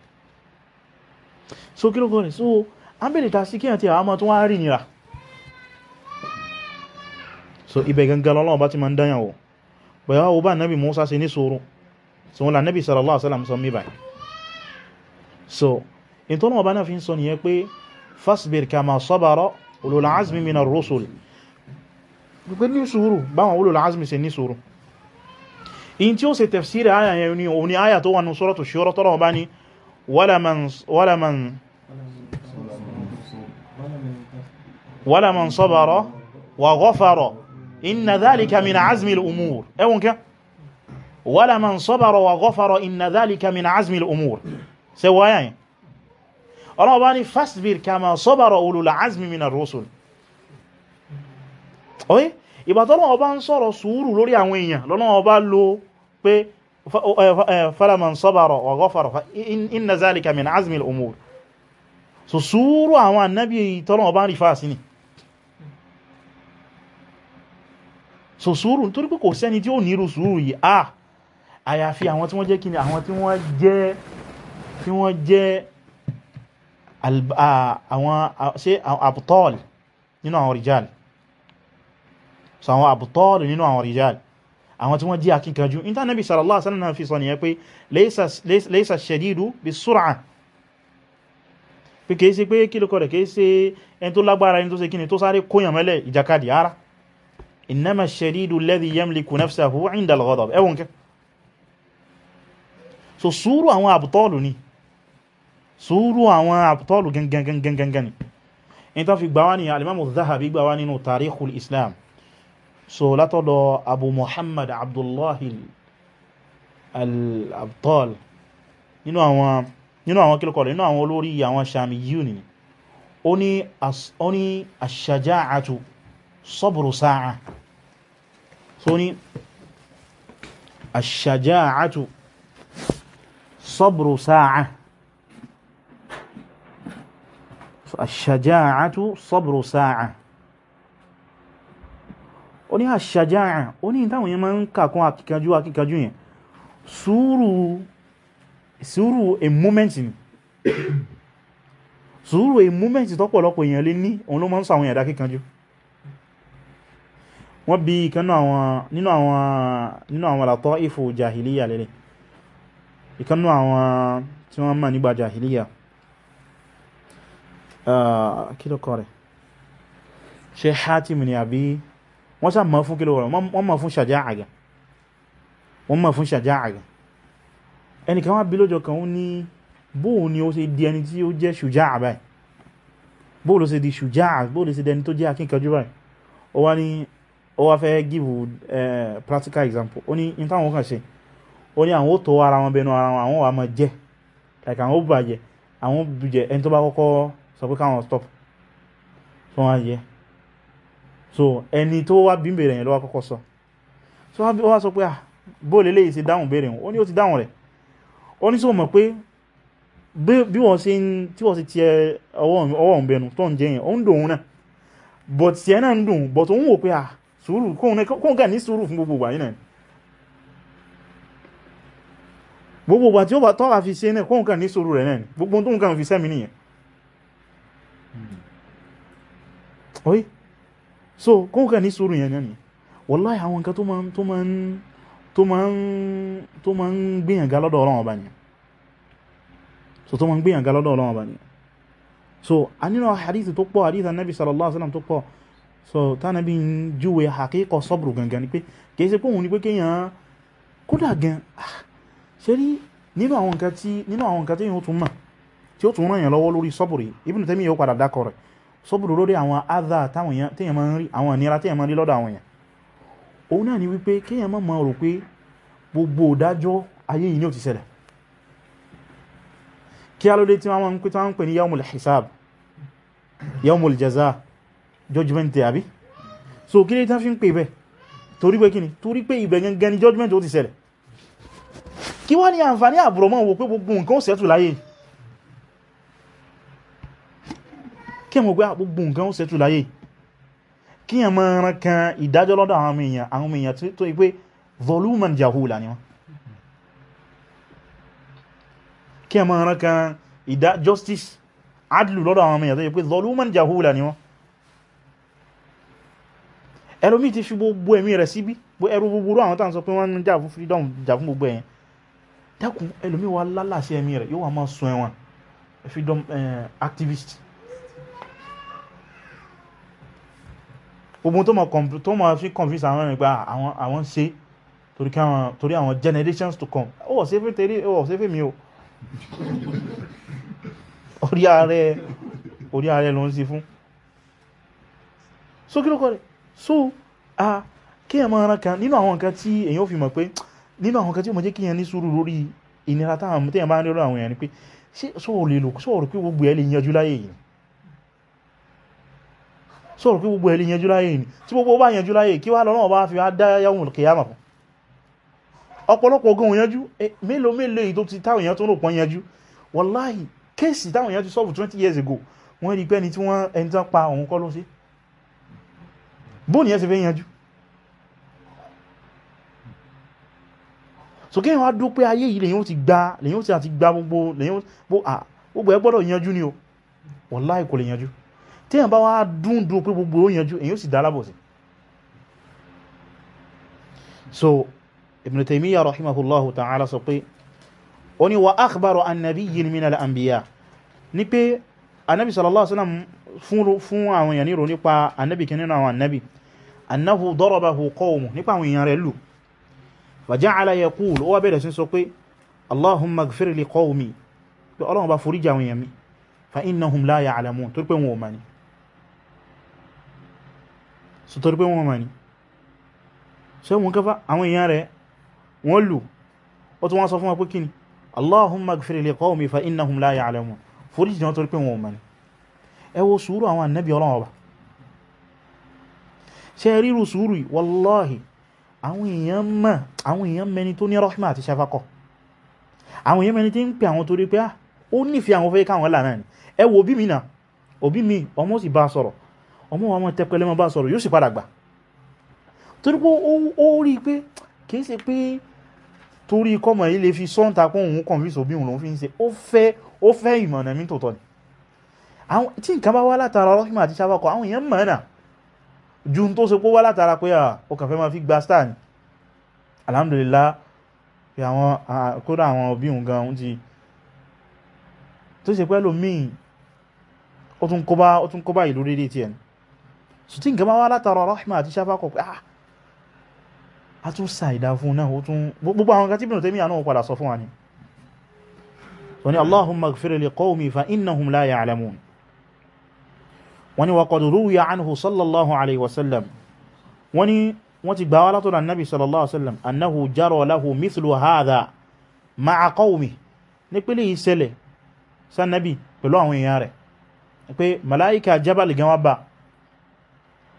so kí ló kọ́ rẹ̀ so abẹ́lẹ̀ta sí kí àti àwọn ọmọ tó wá rí nira so ibẹ̀ gangan lọ́lọ́wọ́ bá ti ma ń dáyàwó bẹ̀yà wo bá nabi musa ṣe ní sùúrù so wọn la nabi sallallahu alaihi so in tó náà bá náà fi ń sọ nìyẹn pé fasbir kama sabara ulul azmi min ar-rusul gbogbo ní sùúrù báwọn ulul azmi ṣe ní sùúrù in tí ó ṣe tafsiri aya yẹn ni òun ni inna dhalika min azmi al-umur ẹwùn kẹ́ wala man sabara wa ghafara inna dhalika min azmi al-umur ṣe wáyà yìí ọlọ́wọ́ bá ní fasbir kama sabara ulul azmi min ar-rusul oye ìbàtọ́lọ́wọ́ bá ń sọ̀rọ̀ sùúrù lórí àwọn èèyàn lọ́lọ́wọ́ bá lo pé eh, eh, fala man sabara wa ghafara inna dhalika min azmi al-umur so sùúrù àwọn annabi tọ́lọ́wọ́ bá ń rí fásini so sùúrù nítorí pé kò sẹ́ni tí ó nírú sùúrù yìí ah àyàfi àwọn tí wọ́n jẹ́ kíni àwọn tí wọ́n jẹ́ tí wọ́n jẹ́ àwọn ṣe àbútọ́ọ̀l nínú àwọn rijal so àwọn àbútọ́ọ̀l nínú àwọn rijal àwọn tí wọ́n jẹ́ akíkanjú ní tánàbí sallallahu alaihi wasallam fi sọ nìyẹn pé laysa shadidu bisur'a pé kìí ṣe إنما الشديد الذي يملك نفسه عند الغضب ẹwọn kẹ so sùúrù àwọn àbútọ́ọ̀lù ni sùúrù àwọn àbútọ́ọ̀lù gangan ni in ta fi gbawa ni alimamu zahabi gbawa nínú tarihul islam so látọ́lọ abu muhammad abdullahi al-abtal nínú àwọn nínú àwọn kílùkọ̀lẹ̀ nínú àwọn olórí àwọn sami yìí ni ó ní aṣajá'atu sabru sa'a so ni ashaja'atu sabru sa'a so ashaja'atu sabru sa'a ó ní ashaja'a ó ní táwọn yẹn máa ń kàkún akíkanjú akíkanjú yẹn sùúrù sùúrù a moment ni sùúrù a moment tọ́pọ̀lọpọ̀ èèyàn lè ní òun ló máa ń sọ àwọn èèyàn wọ́n bí ìkanú àwọn nínú àwọn nínú àwọn lataifu jahiliya lẹ́lẹ̀ ìkanú àwọn tí wọ́n mọ̀ nígbà jahiliya ah, kí ló kọ rẹ̀ ṣe Hatim ni àbí wọ́n sá mọ̀ fún kí ló rọ̀ wọ́n mọ̀ fún Shaja'a gan wọ́n mọ̀ fún Shaja'a gan ẹnìkan wá bí lọ́jọ́ kan ní bóò ni ó ṣe di ẹni tí ó jẹ́ Shuja'a báyìí bóò ló ṣe di Shuja'a bóò ló ṣe di ẹni tó jẹ́ akínkanjú báyìí ó wá ní ó wá fẹ́ give eh, practical example ó ní in táwọn kan ṣe ó ní àwọn ó tó ara wọn bẹnu ara wọn àwọn wà mọ̀ jẹ́ like àwọn ó bàjẹ́ àwọn bùjẹ́ ẹni tó bá kọ́kọ́ sọ pé káwọn stop tó wá yẹ so ẹni tó wá bí bèèrè yẹn ló wá kọ́kọ́ sọ so ó wá sọ pé ah bó lè léyìí ṣe dáhùn bèèrè wọn ó ní ó ti dáhùn rẹ̀ ó ní sọ mọ̀ pé bí wọ́n ṣe tí wọ́n ṣe ti ọwọ́ ọ̀bẹnu tó ń jẹ yẹn ó ń dùn òun náà but ṣe náà ń dùn but òun wò pé ah sùúrù kóhùn kà ní sùúrù fún gbogbo wà yínà gbogbo wà tí ó bá tọ́ra fi ṣe náà kóhùn kà ní sùúrù rẹ̀ náà gbogbo tó ń kà fi sẹ́mi nìyẹn hmm. oye so kóhùn kà ní sùúrù yẹn náà wallahi àwọn nǹkan tó ma ń gbìyànga lọ́dọ̀ ọlọ́wọ́ bá ní so tó ma ń a nínú hadith tó pọ̀ hadith sallallahu alaihi wasallam tó pọ̀ so tánàbí ń júwe àkíkọ sọ́bùrù gangan ni pé kìí ṣe pòhun ni pé kéèyàn kódà gan ah, ṣe rí nínú àwọn nǹkan tí nínú àwọn nǹkan tí yóò tún mọ̀ tí ó tún ràn yàn lọ́wọ́ lórí sọ́bùrù yìí Ibn Taymiyyah yóò padà dákọ̀ rẹ̀ sọ́bùrù lórí àwọn adha táwọn èèyàn téèyàn máa ń rí àwọn ìnira téèyàn máa ń rí lọ́dọ̀ àwọn èèyàn òun náà ni wípé kéèyàn má máa rò pé gbogbo ìdájọ́ ayé yìí ni ó ti ṣẹlẹ̀ kí á lóde tí wọ́n máa ń pè ní yawmul hisab yawmul jaza judgment day àbí so kí lè tán fi ń pè bẹ́ torí pé kíni torí pé ibẹ̀ gangan ni judgment ó ti ṣẹlẹ̀ kí wá ní àǹfààní àbúrọ̀mọ́ wò pé gbogbo nǹkan ó sẹ́tù láyé kí ẹmọ̀ pé ah, gbogbo nǹkan ó sẹ́tù láyé kí ẹmọ̀ ẹran kan ìdájọ́ lọ́dọ̀ àwọn èèyàn tó yí adlu lọ́dọ̀ àwọn èèyàn tó yí pé volumen jahula ni wọ́n ẹlòmíì ti fi gbogbo ẹ̀mí rẹ̀ síbí ẹrù gbogbo àwọn tàn sọ pé wọ́n ń jà fún freedom jà fún gbogbo ẹ̀yẹn dákun ẹlòmíì wà lálàsí ẹ̀mí rẹ̀ yóò wà máa sun ẹ̀wọ̀n freedom eh, activist gbogbo tó máa fi convince àwọn ẹ̀rìn gba ah, àwọn ṣe torí àwọn generations to come ó wọ̀ sí fún tèrí ó wọ̀ sí fún mi o orí ààrẹ ló ń sí fún so kí ló kọ́ rẹ̀ so a kí ẹ máa ran kan nínú àwọn nǹkan tí èyàn ò fi mọ̀ pé nínú àwọn nǹkan tí ó mọ̀ jẹ́ kí èyàn ní sùúrù lórí ìnira táwọn àmì tẹ́yàn bá ń rí lọ́rọ̀ àwọn èèyàn ni pé ṣé so ò lè lò so ò rò pé gbogbo ẹ lè yanjú láyé yìí so ò rò pé gbogbo ẹ lè yanjú láyé yìí tí gbogbo bá yanjú láyé kí wá lọ́nà bá fi wá dá yawmul qiyamah fún ọ̀pọ̀lọpọ̀ ogun òyanjú eh, mélòó mélòó èyí tó ti táwọn èèyàn tó rò pọ́n yanjú wàláhì kéèsì táwọn èèyàn ti sọ́ọ̀bù 20 years ago wọ́n rí pé ẹni tí wọ́n ẹni tán pa òun kọ́ ló sí bóòlù yẹn sì fẹ́ yanjú so kéèyàn wá dó pé ayé yìí lèyàn ti gba lèyàn ti àti gba gbogbo lèyàn gbogbo ẹ gbọ́dọ̀ yanjú ni o wallahi kò lè yanjú téèyàn bá wá dún dún pé gbogbo ó yanjú èyàn sì dálábọ̀ sí so Ibn Taymiyyah rahimahullahu ta'ala sọ pé ó ní wa akhbaru an nabiyyin min al-anbiya ní pé anabi sallallahu alaihi wasallam fún àwọn èèyàn nírò nípa annabi kí nínú àwọn annabi annahu darabahu qawmu nípa àwọn èèyàn rẹ̀ lù faja'ala yaqulu ó wá bẹ̀rẹ̀ sí sọ pé allahumma ighfir li qawmi pé ọlọ́run bá foríjì àwọn èèyàn mi fa innahum la ya'lamun torí pé wọn ò mani ẹ wo sùúrù àwọn ànábì ọlọ́run ọba ṣe ríru sùúrù wallahi àwọn èèyàn mọ̀ àwọn èèyàn mẹni tó ní rahma àti shafakọ àwọn èèyàn mẹni tí ń pè àwọn torí pé ah, ó nífẹ̀ẹ́ àwọn fẹ́ káwọn lànà ni ẹ wo òbí mi náà òbí mi ọmọ sì bá sọ̀rọ̀ ọmọ wa mọ̀ tẹpẹlẹmọ bá sọ̀rọ̀ yóò sì padà gbà torí pé ó àwọn tí nǹkan bá wá látara rahima àti ṣafakọ àwọn èèyàn mọ̀ náà ju tó ṣe pó wá látara pé ó kàn fẹ́ máa fi gba star ni alhamdulillah pé àwọn kódà àwọn òbí òun gan ti tó ṣe pẹ́ lómìn ó tún kóbá ó tún kóbá ìlú dédé tí ẹni so tí nǹkan bá wá látara rahima àti ṣafakọ pé ah a tún sa ìdá fún náà ó tún gbogbo àwọn kan tí Ibn Taymiyyah padà sọ fún wa ni wọ́n ni Allahumma ighfir li qawmi fa innahum la wọ́n ni waqad ruwiya anhu sallallahu alaihi wasallam wọ́n ni wọ́n ti gbà látọ̀ da nabi sallallahu alaihi wasallam annahu jaro lahu mithlu hadha ma'a qawmi ní pé léyìí ṣẹlẹ̀ san nabi pẹ̀lú àwọn èèyàn rẹ̀ pé malaika jabal gan wá bá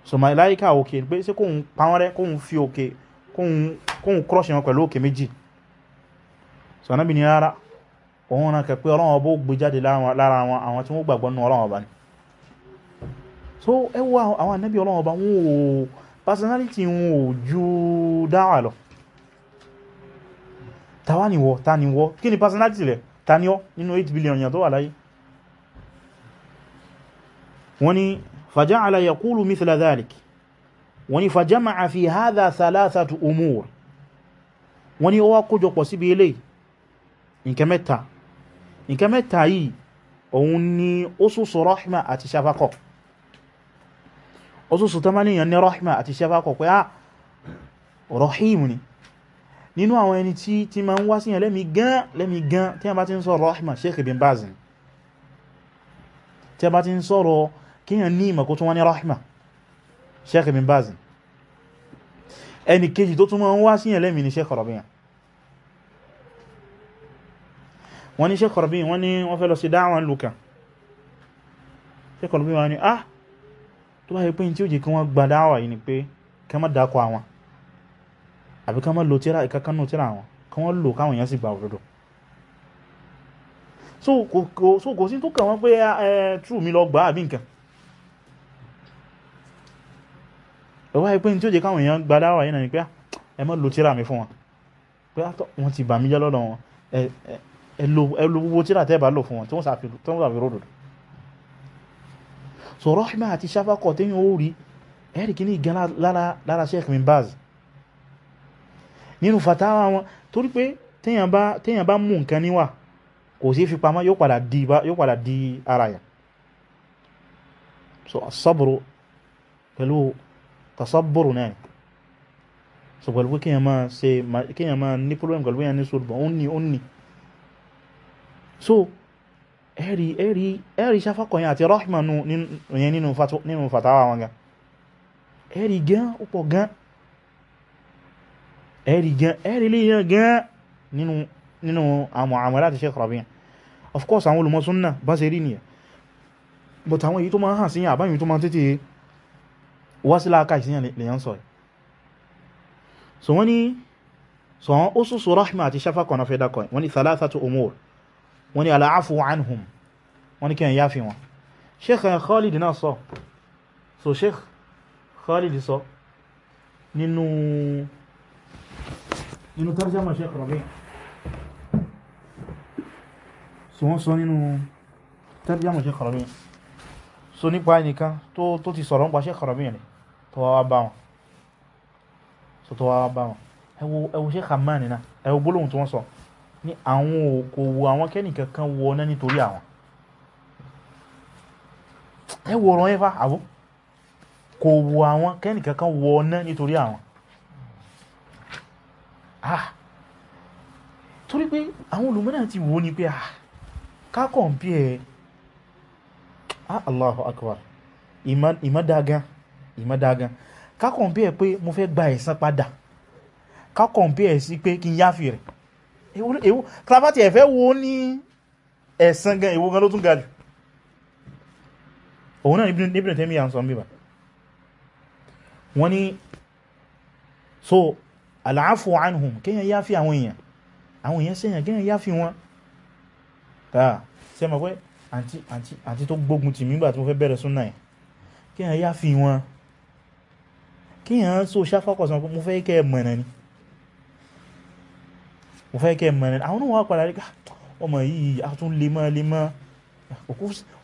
so malaika òkè pé sí kóhun pàwọn kóhun fi òkè kóhun crush wọn pẹ̀lú òkè méjì so ni ara òun na kẹ pé ọlọ́wọ́ bó gbé jáde lára àwọn tí wọ́n gbàgbọ́ ọlọ́wọ́ bá ni so ẹ wá àwọn ànábì ọlọ́run ọba wọn ò personality wọn ò ju dáwà lọ tàwa ni wọ ta ni wọ kí ni personality rẹ ta ni ọ nínú 8 billion yàn tó wà láyé wọ́n ni faja'ala yaqulu mithla dhalik wọ́n ni fajama'a fi hadha thalathatu umur wọ́n ni ó wá kójọpọ̀ síbi ilé nǹkan mẹ́ta nǹkan mẹ́ta yìí òun ni ó sọ́sọ́ rahma àti shafaqah ó tún sọ̀tọ́ mánìyàn ní rahima àti sẹ́fàkọ̀ pé ah rahim ni nínú àwọn ẹni tí tí ma ń wá síyàn lẹ́mi gan lẹ́mi gan tí a bá ti ń sọ̀rọ̀ rahima sheikh bin baz ni tí a bá ti ń sọ̀rọ̀ kíyàn ní ìmọ̀ kó tún wá ní rahima sheikh bin baz ẹni kejì tó tún ma ń wá síyàn lẹ́mi ni sheikh rabi'a wọ́n ni sheikh rabi'a wọ́n ni wọ́n fẹ́ lọ sí dáwọn lukan sheikh rabi'a wọ́n ni ah tó bá yẹ pé tí ó jẹ́ kí wọ́n gba dáwà yìí ni pé kí wọ́n má dákọ̀ àwọn àbí kí wọ́n má lo tíra ìkankan tíra àwọn kí wọ́n lò káwọn èèyàn sì gba òdodo so kò sí tó kàn wọ́n pé ah, ẹ true mi lọ gbà àbí nǹkan tó bá yẹ pé tí ó jẹ́ káwọn èèyàn gba dáwà yìí ni pé ah, ẹ má lo tíra mi fún wọn pé ah, wọ́n ti bà mí jẹ́ lọ́dọ̀ wọn ẹ lo gbogbo tíra tẹ́ bá lò fún wọn tí wọ́n sàfi ròdòdò so rahma àti shafakọ̀ tí yíò rí ẹ̀rì kì ní ìgan lára Sheikh Bin Baz nínú fatawa wọn torí pé téèyàn bá mú nǹkan níwà kò sí fi pamọ́ yóò padà di ara yà so asabro pẹ̀lú tasaburu náà so pẹ̀lú pé kíyàn máa ṣe kíyàn máa ní problem pẹ̀lú yà ní sọ́rọ̀ ó ní ó ní so ẹ̀rí ẹ̀rí ẹ̀rí sáfàkọ̀yìn àti rahmanu yẹn nínú fatawa wọn gan ẹ̀rí gan púpọ̀ gan ẹ̀rí gan ẹ̀rí lè yàn gan nínú àwọn àmàlá àti Sheikh Rabi' of course àwọn olùmọ̀ súnnà bá ṣe rí nìyà but àwọn èyí tó máa hàn síyàn àbáyìn tó máa tètè wá sí láàká ìsìyàn lèyàn sọ̀rọ̀ so wọ́n ni so wọ́n ó sùsù rahma àti sáfàkọ̀nà fẹ́ dákọ̀ wọ́n ni thalathatu umur wọ́n ni alaafu anhum wọ́n ni kí ya fi wọn sheikh khalid náà sọ so sheikh khalid sọ nínú nínú tarjama sheikh rabi so wọ́n sọ nínú tarjama sheikh rabi so nípa ẹnìkan tó ti sọ̀rọ̀ nípa sheikh rabi rẹ̀ tó wá bá wọn so tó wá bá wọn ẹwọ sheikh amani náà ẹwọ gbólóhùn tó wọ́n sọ so, Ni àwọn òkòwò àwọn kẹ́nìkan kan wọ náà nítorí àwọn ẹ wo ọ̀rọ̀ yẹn fa àbó kò wo àwọn kẹ́nìkan kan wọ náà nítorí àwọn ah torí pé àwọn olùmọ̀ náà ti wò ni pé ah ká kọ̀ǹpì ẹ̀ ah Allahu akbar ìmọ̀dágan ìmọ̀dágan ká kọ̀ǹpì ẹ̀ pé mo fẹ́ gba ẹ̀san padà ká kọ̀ǹpì ẹ̀ sí pé kí n yáfì rẹ̀ ewu kravati ẹ̀fẹ́ wo ní ẹ̀sán gan ewu gan ló tún ga jù òun náà Ibn Taymiyyah ń sọ mìíbà wọ́n ní so al-'afwu anhum kíyàn yá fi àwọn èèyàn àwọn èèyàn sẹ́yàn kíyàn yá fi wọn káà sí ẹmọ pé àti tó gbógun tì mí nígbà tí mo fẹ́ bẹ̀rẹ̀ súnnà ẹ̀ kíyàn yá fi wọn kíyàn so sáfàkọ̀sán mo fẹ́ kẹ́ mọ̀nà ni mo fẹ́ kẹ́ mọ̀ ní àwọn náà wà padà rí ah, ọmọ yìí a tún lè mọ́ lè mọ́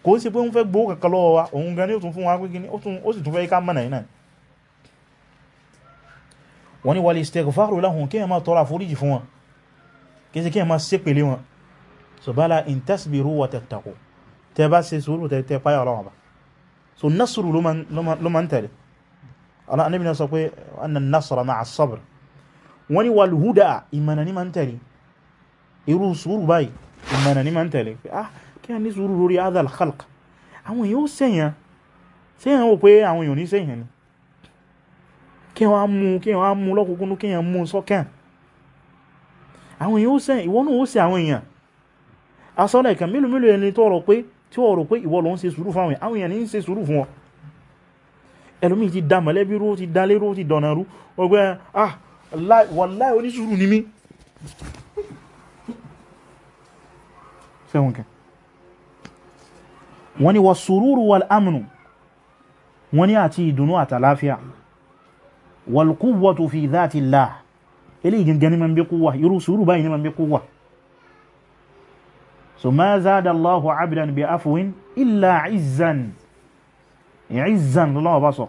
kò sí pé wọ́n fẹ́ gbówó kankan lọ́wọ́ wa òun gan ní ó tún fún wa pé kíní ó sì tún fẹ́ ká mọ̀ náà náà wọ́n ní wal istighfaru lahum kí ẹ máa tọrọ àforíjì fún wọn kí sí kí ẹ máa ṣépèlé wọn so bala in tasbiru wa tattaqu tẹ bá ṣe sùúrù tẹ tẹ páyà ọlọ́wọ́ ba so nasuru ló máa ń tẹ̀lé anábìnrin sọ pé anna nasra ma'a sabr wọ́n ni wàlúhúdà ìmọ̀nà ní ma ń tẹ̀lé irú sùúrù báyìí ìmọ̀nà ní ma ń tẹ̀lé ah kí a ní sùúrù lórí adal khalq àwọn èèyàn ó sẹ́yàn sẹ́yàn wò pé àwọn èèyàn ní sẹ́yàn ni kí wọ́n á mú kí wọ́n á mú lọ́kùnkúnnú kí wọ́n mú sọ́kàn àwọn èèyàn ó sẹ́yàn ìwọ náà ó sẹ́ àwọn èèyàn asọ́lẹ̀ ìkà mélòó mélòó ẹni tó rò pé tí ti dá rú ti dá lérú ti dọ̀nà rú ọgbẹ́ ah wàláì onísùúrù ni mí sẹ́wọ̀n kẹ wọ́n ni wà sùúrù wà amnu wọ́n ni àti ìdùnnú àtàláfíà wal quwwatu fi dhatillah ilé ìgẹngẹ ní ma ń bí kúwà irú sùúrù báyìí ní ma ń bí kúwà so ma zada Allahu abdan bi afwin illa izzan izzan lọ́wọ́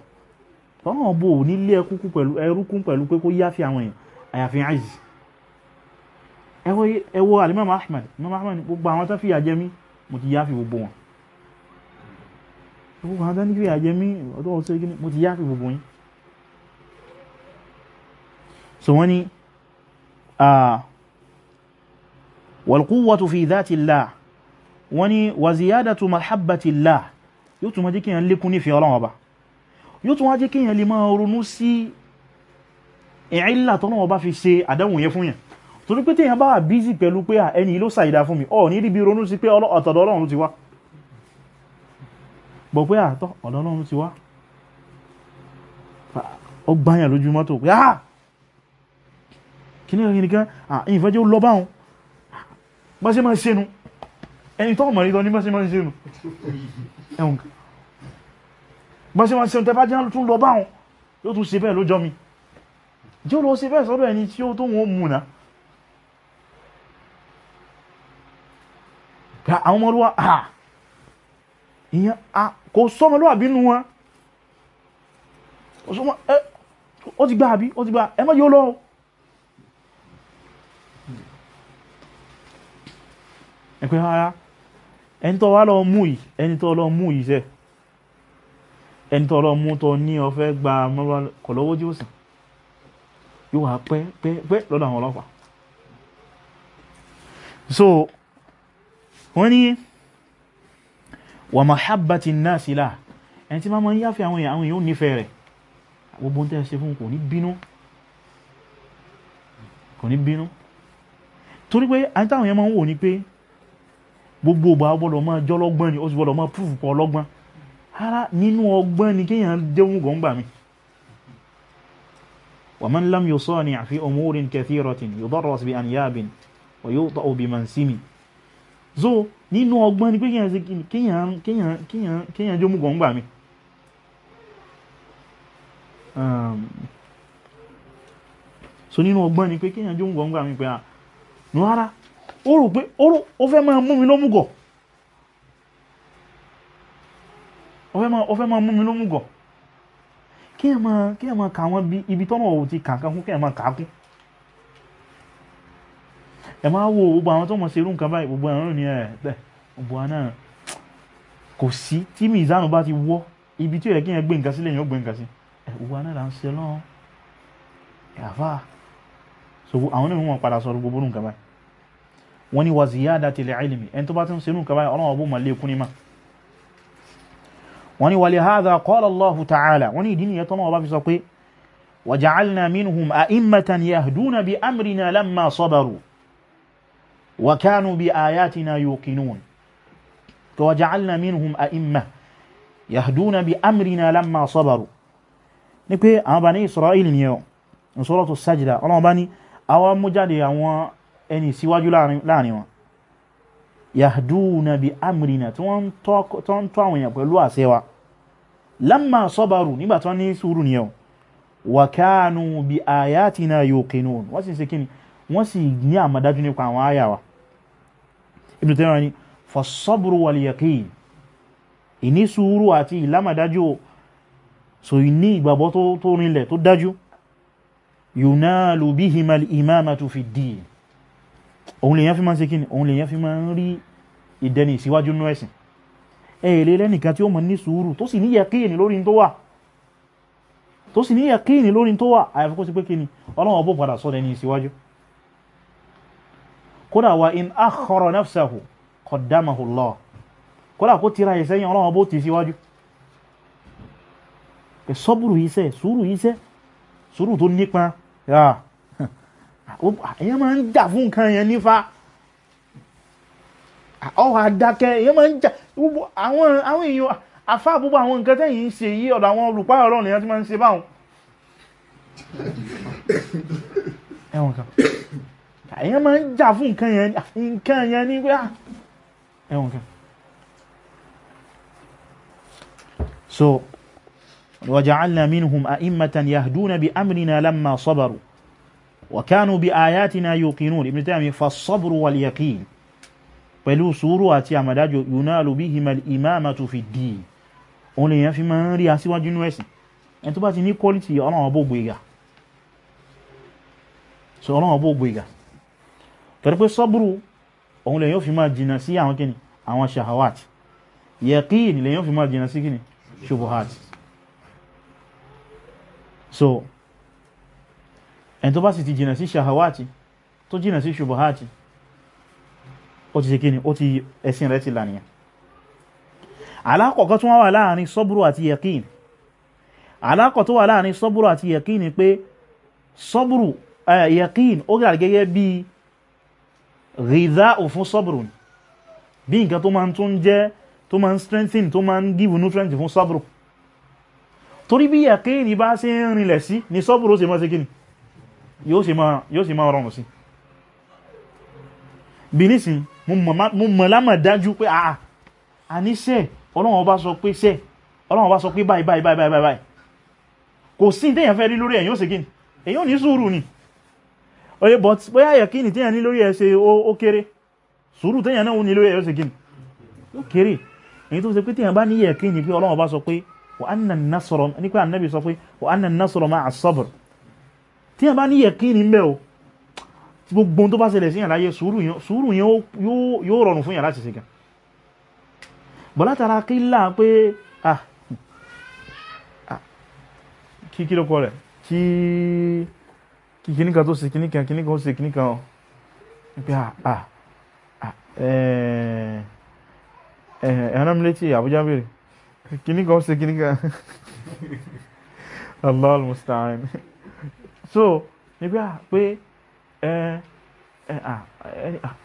tọ́nà ọbọ̀ ò ní lé ẹrúkún pẹ̀lú pé kó yáfi àwọn èèyàn àyàfi àìsí ẹwọ alimam ahmed imam ahmed gbogbo àwọn tán fìyà jẹ mí mo ti yáfi gbogbo wọn gbogbo àwọn tán fìyà jẹ mí ọdún ọ̀sẹ̀ gíní mo ti yáfi gbogbo yín so wọ́n ni walquwwatu fi dhati llah wọ́n ni wa ziyadatu mahabbatillah yóò túnmọ̀ jẹ́ kí lékún nífẹ̀ẹ́ ọlọ́wọ́ ba yóò tún wá jẹ́ kéèyàn lè máa ronú sí ìlà tọ́nà ọba fi ṣe àdánwò yẹn fún yàn torí pé téèyàn bá wà bízì pẹ̀lú pé ẹni ló ṣàìdá fún mi ọ̀ ní ríbi ronú sí pé ọ̀tọ̀dọ̀ ti wá gbọ́ pé àtọ́ ọ̀dọ̀ ti wá ó gbáyàn lójú mọ́tò pé ah kí ní ẹ̀yìnkan ìfẹ́ jẹ́ lọ báhùn nu ẹni tó ọmọ ìtọ́ ní bá ṣe on te bọ́n sí wọn sí ọ̀tẹ́bá jẹ́ tún lọ báhùn yóò tún ṣe bẹ́ẹ̀ lójọ́ mi jẹ́ lọ ṣe bẹ́ẹ̀ sọ́dọ̀ ẹni tí ó tó wọn múnà ká àwọn ọmọlúwà à ìyẹn kò sọ́mọlúwà bínú wọn ó ti gbá àbí ó ti gbá ẹ mọ́ yóò lọ́wọ́ ẹ̀kùn ara ẹni tó wá lọ mú yìí ẹni tó lọ mú yìí sẹ́ẹ̀ ẹni tó ọlọ́mú tó ní ọfẹ́ gba mọ́bà kò lọ́wọ́ tí ó sàn yóò pẹ́ pẹ́ pẹ́ lọ́dọ̀ àwọn ọlọ́pàá so wọ́n ní wà mahabbati nasi la ẹni tí máa mọ́ ń yáfẹ́ àwọn èèyàn àwọn èèyàn ò nífẹ̀ẹ́ rẹ̀ gbogbo ń tẹ́ ṣe fún kò ní bínú kò ní bínú torí pé àti táwọn èèyàn máa ń wò ní pé gbogbo ọba gbọ́dọ̀ máa jọ́lọ́gbọ́n ni ó sì gbọ́dọ̀ máa púrùpọ̀ ọlọ́gbọ́n ara nínú ọgbọ́n ni kíyàn jẹun gọ̀ǹgbà mi wa man lam yusani' fi umurin kathiratin yudarras bi anyabin wa yu'ta'u bi mansimi so nínú ọgbọ́n ni pé kíyàn jẹun gọ̀ǹgbà mi ehm, so nínú ọgbọ́n ni pé kíyàn jẹun gọ̀ǹgbà mi pé à ah, nù ó rò pé ó fẹ́ máa mú mi lọ́mùgọ̀ ó fẹ́ máa mú mi lómú gọ̀ kí ẹ máa kí ẹ máa kà wọ́n bí ibi tọ́nà ò ti kàǹkan kún kí ẹ máa kà á kún ẹ máa wo gbogbo àwọn tó mọ̀ ṣe irú nǹkan báyìí gbogbo àwọn ní ẹ̀ tẹ̀ gbogbo àwọn náà kò sí tí mizanu bá ti wọ́ ibi tí ó yẹ kí ẹ gbé nǹkan sílẹ̀ yẹn ó gbé nǹkan sí ẹ gbogbo àwọn náà là ń ṣe lọ́wọ́ yàfa so àwọn náà wọ́n padà sọ̀rọ̀ gbogbo nǹkan báyìí wọ́n ní waziyadatil ilmi ẹni tó bá ti ń ṣe irú nǹkan báyìí ọlọ́wọ́ bó mọ̀ lékún ní máa wọ́n ni wàlẹ̀ haza qala Allahu ta'ala wọ́n ni ìdí nìyẹn tọ́nà ọba fi sọ pé waja'alna minhum a'immatan yahduna bi amrina lamma sabaru wa kanu bi ayatina yuqinun ka waja'alna minhum a'imma yahduna bi amrina lamma sabaru ní pé àwọn Bani Isra'il ni yau in suratu Sajda ọlọ́wọ́ bá ní àwọn mú jáde àwọn ẹni síwájú láàrin wọn yahduna bi amrina tí wọ́n ń tọ́ àwọn èèyàn pẹ̀lú àṣẹ wa lamma sọ́bàrù nígbà tí wọ́n ní sùúrù ni yẹn wa kanu bi ayatina yuqinun wọ́n sì ṣe kíni wọ́n sì ní àmàdájú nípa àwọn àyà wa Ibn Taymiyyah ni fasabru wal yaqin ìní sùúrù àti ìlàmàdájú so ní ìgbàgbọ́ tó rinlẹ̀ tó dájú yunalu bihimal imamatu fi ddin òun lèyàn fi máa ṣe kíni òun lèyàn fi máa ń rí ìdẹni ìsíwájú nú ẹ̀sìn ẹ̀ẹ̀lẹ́ lẹ́nìkan tí ó mọ̀ ní sùúrù tó sì ní yàkíìnì lórí tó wà tó sì ní yàkíìnì lórí tó wà àyàfi kó sí pé kíni Ọlọ́run ọbọ̀ padà sọ dẹni ìsíwájú kódà wa in akhara nafsahu qaddamahu Allah kódà kó tira ìsẹ́yìn Ọlọ́run ọbọ̀ ti síwájú sọ́bùrù iṣẹ́ sùúrù iṣẹ́ sùúrù tó nípa yáà èyàn máa ń jà fún nǹkan yẹn nífà ọwọ́ adákẹ́ èyàn máa ń jà àwọn àwọn èèyàn afá gbogbo àwọn nǹkan tẹ́yìn ń ṣe yí ọ̀dọ̀ àwọn olùpá ọ̀rọ̀ nìyàn tí máa ń ṣe báwọn ẹwọn kan èyàn máa ń jà fún nǹkan yẹn nǹkan yẹn ní pé ẹwọn kan so waja'alna minhum a'immatan yahduna bi amrina lamma sabaru وكانوا بآياتنا يوقنون ابن تيمية فالصبر واليقين pẹ̀lú sùúrù àti àmàdájò yunalu bihima al-imamatu fi ddin òun lèyàn fi máa ń rí aṣíwájú inú ẹ̀sìn ẹni tó bá ti ní quality ọlọ́run ọbọ̀ ògbò ìgà so ọlọ́run ọbọ̀ ògbò ìgà torí pé sọ́bùrù òun lèyàn fi máa jìnà sí àwọn kíni lèyàn fi máa jìnà sí kíni shubuhat so ẹni tó bá sì ti jìnà sí ṣahawati tó jìnà sí ṣubuhati ó ti ṣe kí ni ó ti ẹ̀sìn rẹ̀ ti lànìyàn alákọ̀ọ́kọ́ tó wà láàrin sọ́búrú àti yẹ̀kín alákọ̀ tó wà láàrin sọ́búrú àti yẹ̀kín ni pé sọ́búrú yẹ̀kín ó gà gẹ́gẹ́ bí rìdá òfún sọ́búrú bí nǹkan tó máa tún jẹ́ tó máa strengthen tó máa give nutrient fún sọ́búrú torí bí yẹ̀kín bá ṣe ń sí ni sọ́búrú ó ṣe máa ṣe yóò sì máa rọrùn sí bí nísìn mo mọ̀ lámọ̀ dájú pé àà a ní sẹ́ ọlọ́run ọba sọ pé sẹ́ ọlọ́run ọba sọ pé báyìí báyìí báyìí báyìí kò sí téèyàn fẹ́ rí lórí ẹ̀yìn ó sì kíni èyí ò ní sùúrù ni oye but bóyá ẹ̀yà kíni téèyàn ní lórí ẹ̀ ṣe ó kéré sùúrù téèyàn náà ní lórí ẹ̀ ó sì kíni ó kéré èyí tó ṣe pé téèyàn bá ní yẹ̀ kíni pé ọlọ́run ọba sọ pé wa anna an tí yẹn bá ní yẹ̀kíní ń bẹ o tí gbogbo tó bá ṣẹlẹ̀ sí yàn láyé sùúrù yẹn yóò rọrùn fún yàn láti ṣe gan bọ̀ látara kí là pé ah kí kí ló kọ rẹ̀ kí kí kíní kan tó ṣe kíní kan ó ṣe kíní ọ pé ah ah ẹ ẹ ẹran mi létí Àbújá bèrè kíní kan ó ṣe kíní Allah al-musta'an so níbi à pé ẹ ẹ à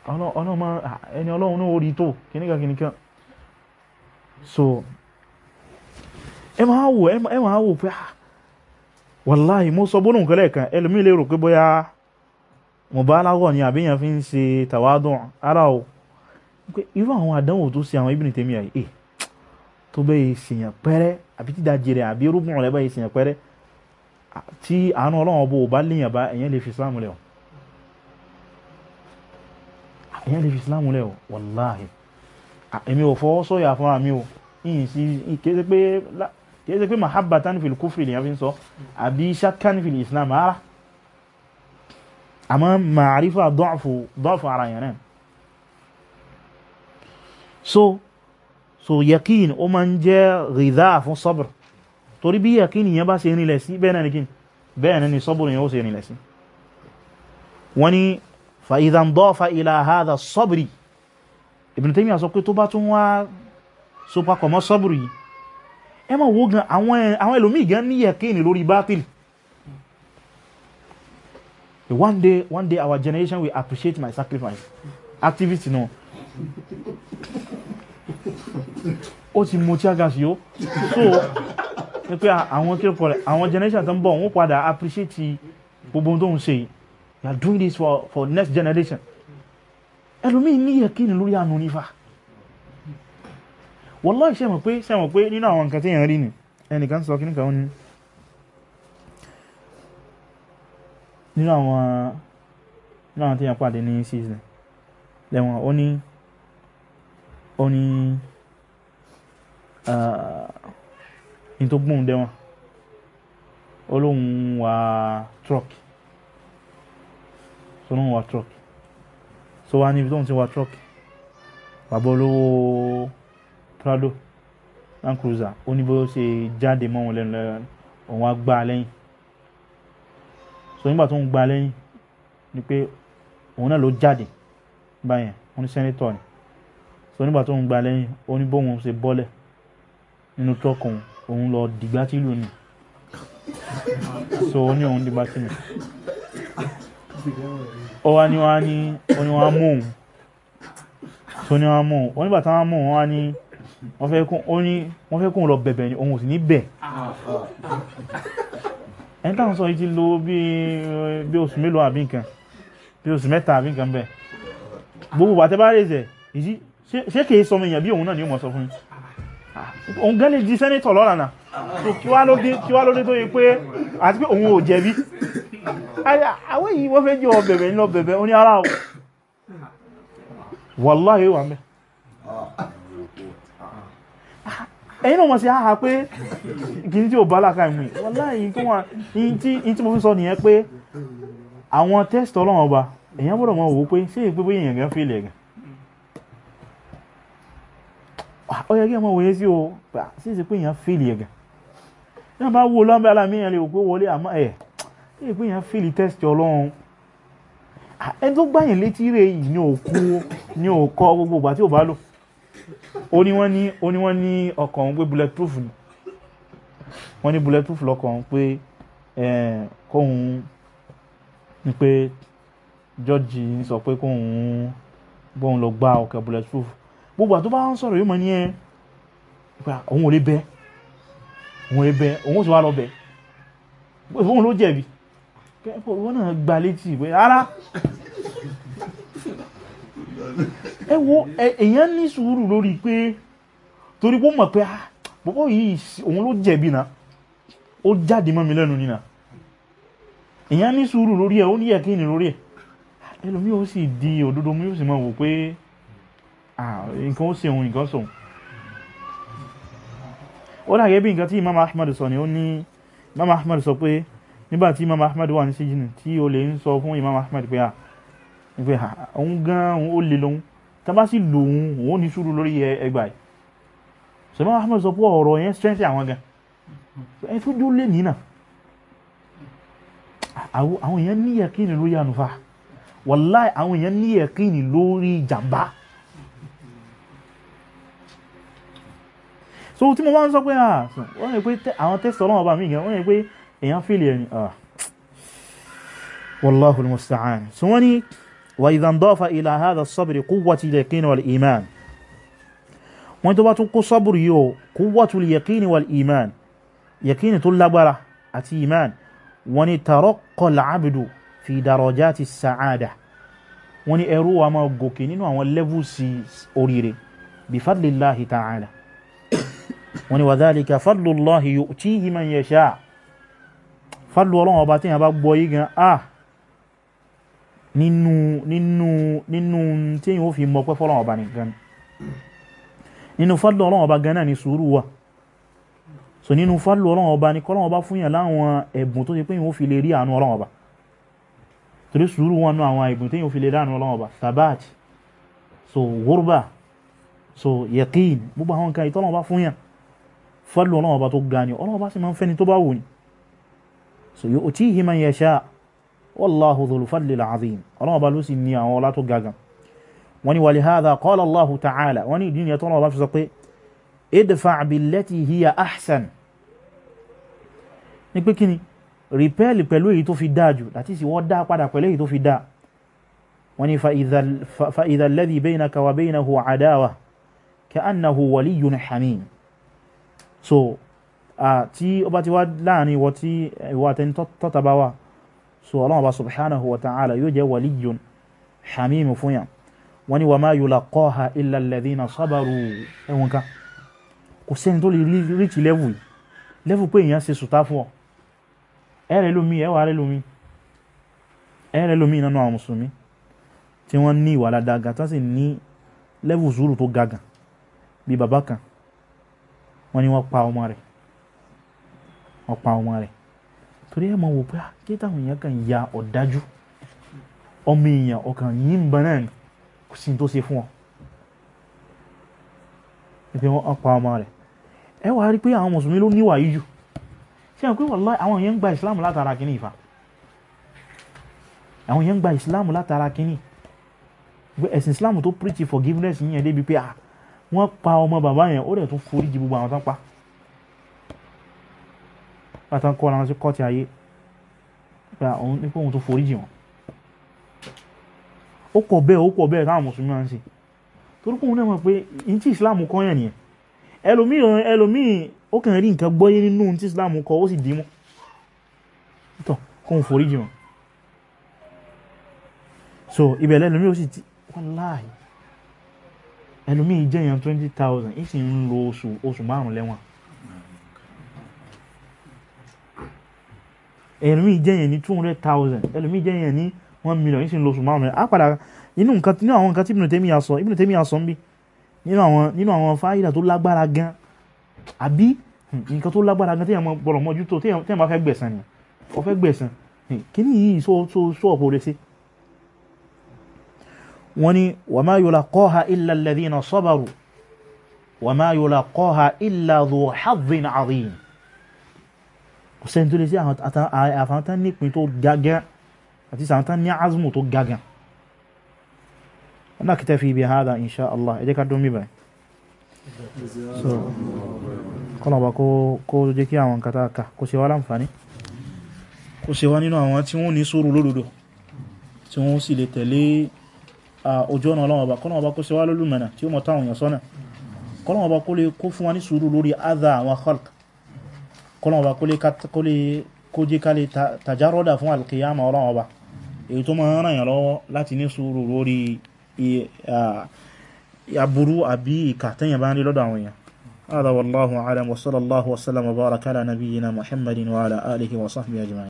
ọlọ́run máa ẹni ọlọ́run náà ó rí tó kìnnìkan kìnnìkan so ẹ máa wò ẹ máa wò pé à wàláhì mo sọ gbónú nǹkan lẹ́ẹ̀kan ẹlòmíì lè rò pé bóyá mọ̀bálágọ̀ ni àbíyàn fi ń ṣe tàwádùn ara o pé irú àwọn àdánwò tó ṣe àwọn Ibn Taymiyyah yìí eh, tó bẹ́ẹ̀ ṣèyàn pẹ́rẹ́ àbí tídàjì rẹ̀ àbí rúbùn rẹ̀ bẹ́ẹ̀ ṣèyàn pẹ́rẹ́ tí àánú ọlọ́run ọbọ̀ bá léyàn bá èyàn lè fi islam lẹ̀ èyàn lè fi islam lẹ̀ wàláhì èmi ò fọwọ́ sọ̀yà fún àmì o yìí sí kéèsé pé mahabbatan fil kufri lèyàn fi ń sọ àbí shakkan fil islam ara àmọ́ ma'arifa dọ́ọ̀fù ara yẹn náà so so yakin o máa ń jẹ́ rìdá fún sabr torí bí yàkínì yẹn bá ṣe rinlẹ̀ sí bẹ́ẹ̀ náà ni kí bẹ́ẹ̀ náà ni sọ́bùrù yẹn ó ṣe rinlẹ̀ sí wọ́n ni fa idhan dafa ila hadha sọ́bùrì Ibn Taymiyyah sọ pé tó bá tún wá so sọ́bùrù yìí ẹ máa àwọn ẹlòmíì gan ní yàkínì lórí bátìlì one day one day our generation will appreciate my sacrifice activist náà ó ti mú tí a gà sí ó so ní pé àwọn kíkọ́ rẹ̀ àwọn generation tó ń bọ̀ wọ́n padà appreciate gbogbo tó ń ṣe you are doing this for, for next generation ẹlòmíì ní ni lórí àánú nífà wallahi ṣẹ́mọ̀ pé ṣẹ́mọ̀ pé nínú àwọn nǹkan tí èèyàn rí ni ẹnìkan sọ kíníkà ó ní nínú àwọn nínú àwọn tí èèyàn pàdé ní season lẹ́wọ̀n ó ní ó ní uh, Into tó gbóhùn dẹ́wọ̀n ó truck so lóun truck so wá níbi tóun ti wà truck bàbá olówó Prado Land Cruiser ó ní bó ṣe jáde mọ́ wọn lẹ́nu lẹ́nu òun á gbá a lẹ́yìn so nígbà tó ń gbá a lẹ́yìn ni pé òun náà ló jáde báyẹn ó ní sẹ́nitọ̀ ni so nígbà tó ń gbá a ó ní bóun ṣe bọ́lẹ̀ nínú truck òun lọ dìgbà tí lù ní so ó ní òun dìgbà tí lù ó wá ní wá ní ó ní wá mú òun tó ní wá mú òun ó nígbà táwọn mú òun wá ní wọ́n fẹ́ kún ó ní wọ́n fẹ́ kún lọ bẹ̀bẹ̀ ni òun ò sì ní bẹ̀ ẹni táwọn sọ yìí ti lò bí oṣù mélòó àbí nǹkan bí oṣù mẹ́ta àbí nǹkan bẹ́ẹ̀ gbogbo àtẹ́bárẹ̀ ṣe kìí sọmọ èèyàn bí òun náà ni ó mọ̀ sọ fún yín òun gan lè di sẹ́nẹ́tọ̀ lọ́la náà so kí wá ló dé tó yẹ pé àti pé òun ò jẹ̀bi àwọn èyí wọ́n fẹ́ jẹ́ ọ bẹ̀bẹ̀ bẹ̀bẹ̀ ara ọ̀ wàláhì wà mẹ́ ẹ̀yìn náà mọ̀ sí àhà pé kìí tí bá láka ìmú tó wà ọba Ah, ó yẹ kí ẹ mọ wòye sí o sí ìsìnkú èèyàn fìlì ẹ̀gà náà bá wo lọ́nbẹ́ alámi èèyàn lè òpó wọlé àmọ́ ẹ̀ sí ìsìnkú èèyàn fìlì tẹ́sítì ọlọ́run ẹni tó gbàyàn létí rẹ̀ yìí ní òkú ní òkọ gbogbo ìgbà tí ò bá lò ó ní wọ́n ní ó ní wọ́n ní ọkọ̀ òun pé bulletproof ni wọ́n ní bulletproof lọ́kọ̀ òun pé kóhun ni pé jọ́ọ̀jì sọ pé kóhun bóun lọ gba ọkọ̀ bulletproof gbogbo àtó bá ń sọ̀rọ̀ yóò mọ̀ ní ẹ pé òun ò lè òun lè bẹ òun sì wá lọ bẹ òun ló jẹ̀bi kẹ́kọ̀ọ́ wọn náà gba létí ìwé rárá ẹ wo èèyàn ní sùúrù lórí pé torí pé mọ̀ pé bọ́bọ́ ah, yìí òun ló jẹ̀bi náà ó jáde mọ́ mi lẹ́nu nínà èèyàn ní sùúrù lórí ẹ̀ ó ní ẹ̀kíni lórí ẹ̀ ẹlòmí ó sì di òdodo mú yóò sì mọ̀ wò pé ah nǹkan ó ṣeun nǹkan ṣeun ó dàgẹ́ bí nǹkan tí imam ahmad sọ ni imam ahmad sọ pé nígbàtí imam ahmad wà ní síjìnì tí o lè imam ahmad pé à pé à òun gan òun ó lè lóhun lórí so imam ahmad sọ pé ọ̀rọ̀ strength àwọn gan ẹni tó dúró lè nínà àwọn èèyàn ní yẹkìnì lórí ànúfà wàláì àwọn èèyàn ní yẹkìnì lórí jàmbá so tí mo bá ń sọ pé ah wọ́n yẹ pé àwọn tẹ́sítọ̀ ọlọ́wọ́ bá mi gan wọ́n yẹ pé èèyàn fìlì ẹ̀ ni ah wallahu al-musta'an so wọ́n ni wa idha ndafa ila hadha as-sabr quwwatu al-yaqin wal-iman wọ́n tó bá tún kó sabr yóò ni taraqqa wa máa gòkè nínú àwọn levels oríire bi fadlillahi ta'ala wọ́n ni wadhalika fadlullahi yu'tihi man yasha' fadlu ọlọ́run ọba tí yàn bá gbọ́ yí gan ah nínú nínú nínú tí yàn ó fi mọ̀ pé fọ́lọ́run ọba nìkan nínú fadlu ọlọ́run ọba gan náà ni sùúrù wà so nínú fadlu ọlọ́run ọba ni kọ́lọ́run ọba fún yàn láwọn ẹ̀bùn tó ti pé yàn ó fi lè rí àánú ọlọ́run ọba torí fọ́lù ọlọ́wọ́ bá tó ga ni ọlọ́wọ́ bá sì máa ń fẹ́ni tó bá wù ní so yu'tihi man yasha wallahu dhul fadlil azim ọlọ́wọ́ bá ló sì ní àwọn ọlá tó gagan wọ́n ni walihadha qala allahu ta'ala wọ́n ni ìdí ni ẹ̀tọ́ ọlọ́wọ́ bá fi sọ pé idfa' billati hiya ahsan ní pé kíni rìpẹ́ẹ̀lì pẹ̀lú èyí tó fi so tí ó bá ti wá láàrin ìwọ tí eh, ìwọ àtẹni tọ́ta bá wà so ọlọ́run bá subhanahu wa ta'ala yóò jẹ́ waliyyun hamimu fún yàn wọ́n ni wa ma yulaqaha illa alladhina sabaru ẹ̀wọ̀n kan kò sẹ́ni tó lè ríkì lẹ́wù lẹ́wù pé èèyàn ṣe sùtá fún ọ ẹ̀rẹ̀ ẹwà wọ́n ní wọ́n pa ọmọ rẹ̀ wọ́n pa ọmọ rẹ̀ torí ẹ̀ mọ̀ wò pé ah, kí táwọn èèyàn kàn ya ọ̀dájú ọmọ èèyàn ọkàn yìí ń bọ̀ ni kò sí tó ṣe fún ọ ìpè wọn pa ọmọ rẹ̀ ẹ wàá rí pé àwọn mùsùlùmí ló níwà yìí jù ṣé àwọn pé wàlá àwọn èèyàn ń gba Islam látara kínní ìfà àwọn èèyàn ń gba ìsìláàmù látara kínní ẹ̀sìn ìsìláàmù tó preach forgiveness yìnyẹn débi pé ah wọ́n pa ọmọ bàbá yẹn ó dẹ̀ tún foríjì gbogbo àwọn tán pa látàn kọ́ làwọn sí kọ́ọ̀tì ayé gba òun ní pé òun tún foríjì wọn ó pọ̀ bẹ́ẹ̀ ó pọ̀ bẹ́ẹ̀ táwọn mùsùlùmí máa ń torí pé òun náà mọ̀ pé ní tí ìsìláàmù kọ́ yẹn nìyẹn ẹlòmíì ẹlòmíì ó kàn rí nǹkan gbọ́yé nínú tí ìsìláàmù kọ́ ó sì dì mọ́ tọ́ kó òun foríjì wọn so ibẹ̀ lẹ́lòmíì ó sì ti wọ́n láàyè ẹlòmíì jẹ́ èèyàn twenty thousand ń sì ń lo oṣù oṣù márùn lẹ́wọ̀n ẹlòmíì jẹ́ èèyàn ní two hundred thousand ẹlòmíì jẹ́ èèyàn ní one million ń sì ń lo oṣù márùn lẹ́wọ̀n àpàdà nínú nǹkan nínú àwọn nǹkan tí Ibn Taymiyyah sọ Ibn Taymiyyah sọ ń bí nínú àwọn nínú àwọn fáyidà tó lágbára gan àbí hmm, nǹkan tó lágbára gan téèyàn gbọ́dọ̀ mọ́jú tó téèyàn bá fẹ́ gbẹ̀san ni ó fẹ́ gbẹ̀san hmm, kíní yìí sọ sọ ọ̀pọ̀ rẹ̀ sí wọ́n ní wa ma yulaqaha illa alladhina sabaru wa ma yulaqaha illa dhu hadhin adhim kò sẹ́ni tó lè sí àfahàn tán nípin tó gágán àti sàn tán ní azmù tó gágán ọ̀nà kitafi bi hadha insha Allah ẹ jẹ́ ká dún mi báyìí so kọ́nàbà kó jẹ́ kí àwọn tí wọ́n ní sùúrù lódodo tí wọ́n sì lè tẹ̀lé ojú ọ̀nà ọlọ́wọ́ ọba kọ́nà ọba kó ṣe wá lólùmọ̀nà tí ó mọ̀ táwọn èèyàn sọ́nà kọ́nà ọba kó lè kó fún wa ní sùúrù lórí adha àwọn khalq kọ́nà ọba kó lè kó jẹ́ ká lè tajarọ́dà fún alkiyama ọlọ́wọ́ ọba èyí tó máa ràn yàn lọ́wọ́ láti ní sùúrù lórí aburú àbí ìkà tẹ́yàn bá ń rí lọ́dọ̀ àwọn èèyàn هذا والله أعلم وصلى الله وسلم وبارك على نبينا محمد وعلى آله وصحبه أجمعين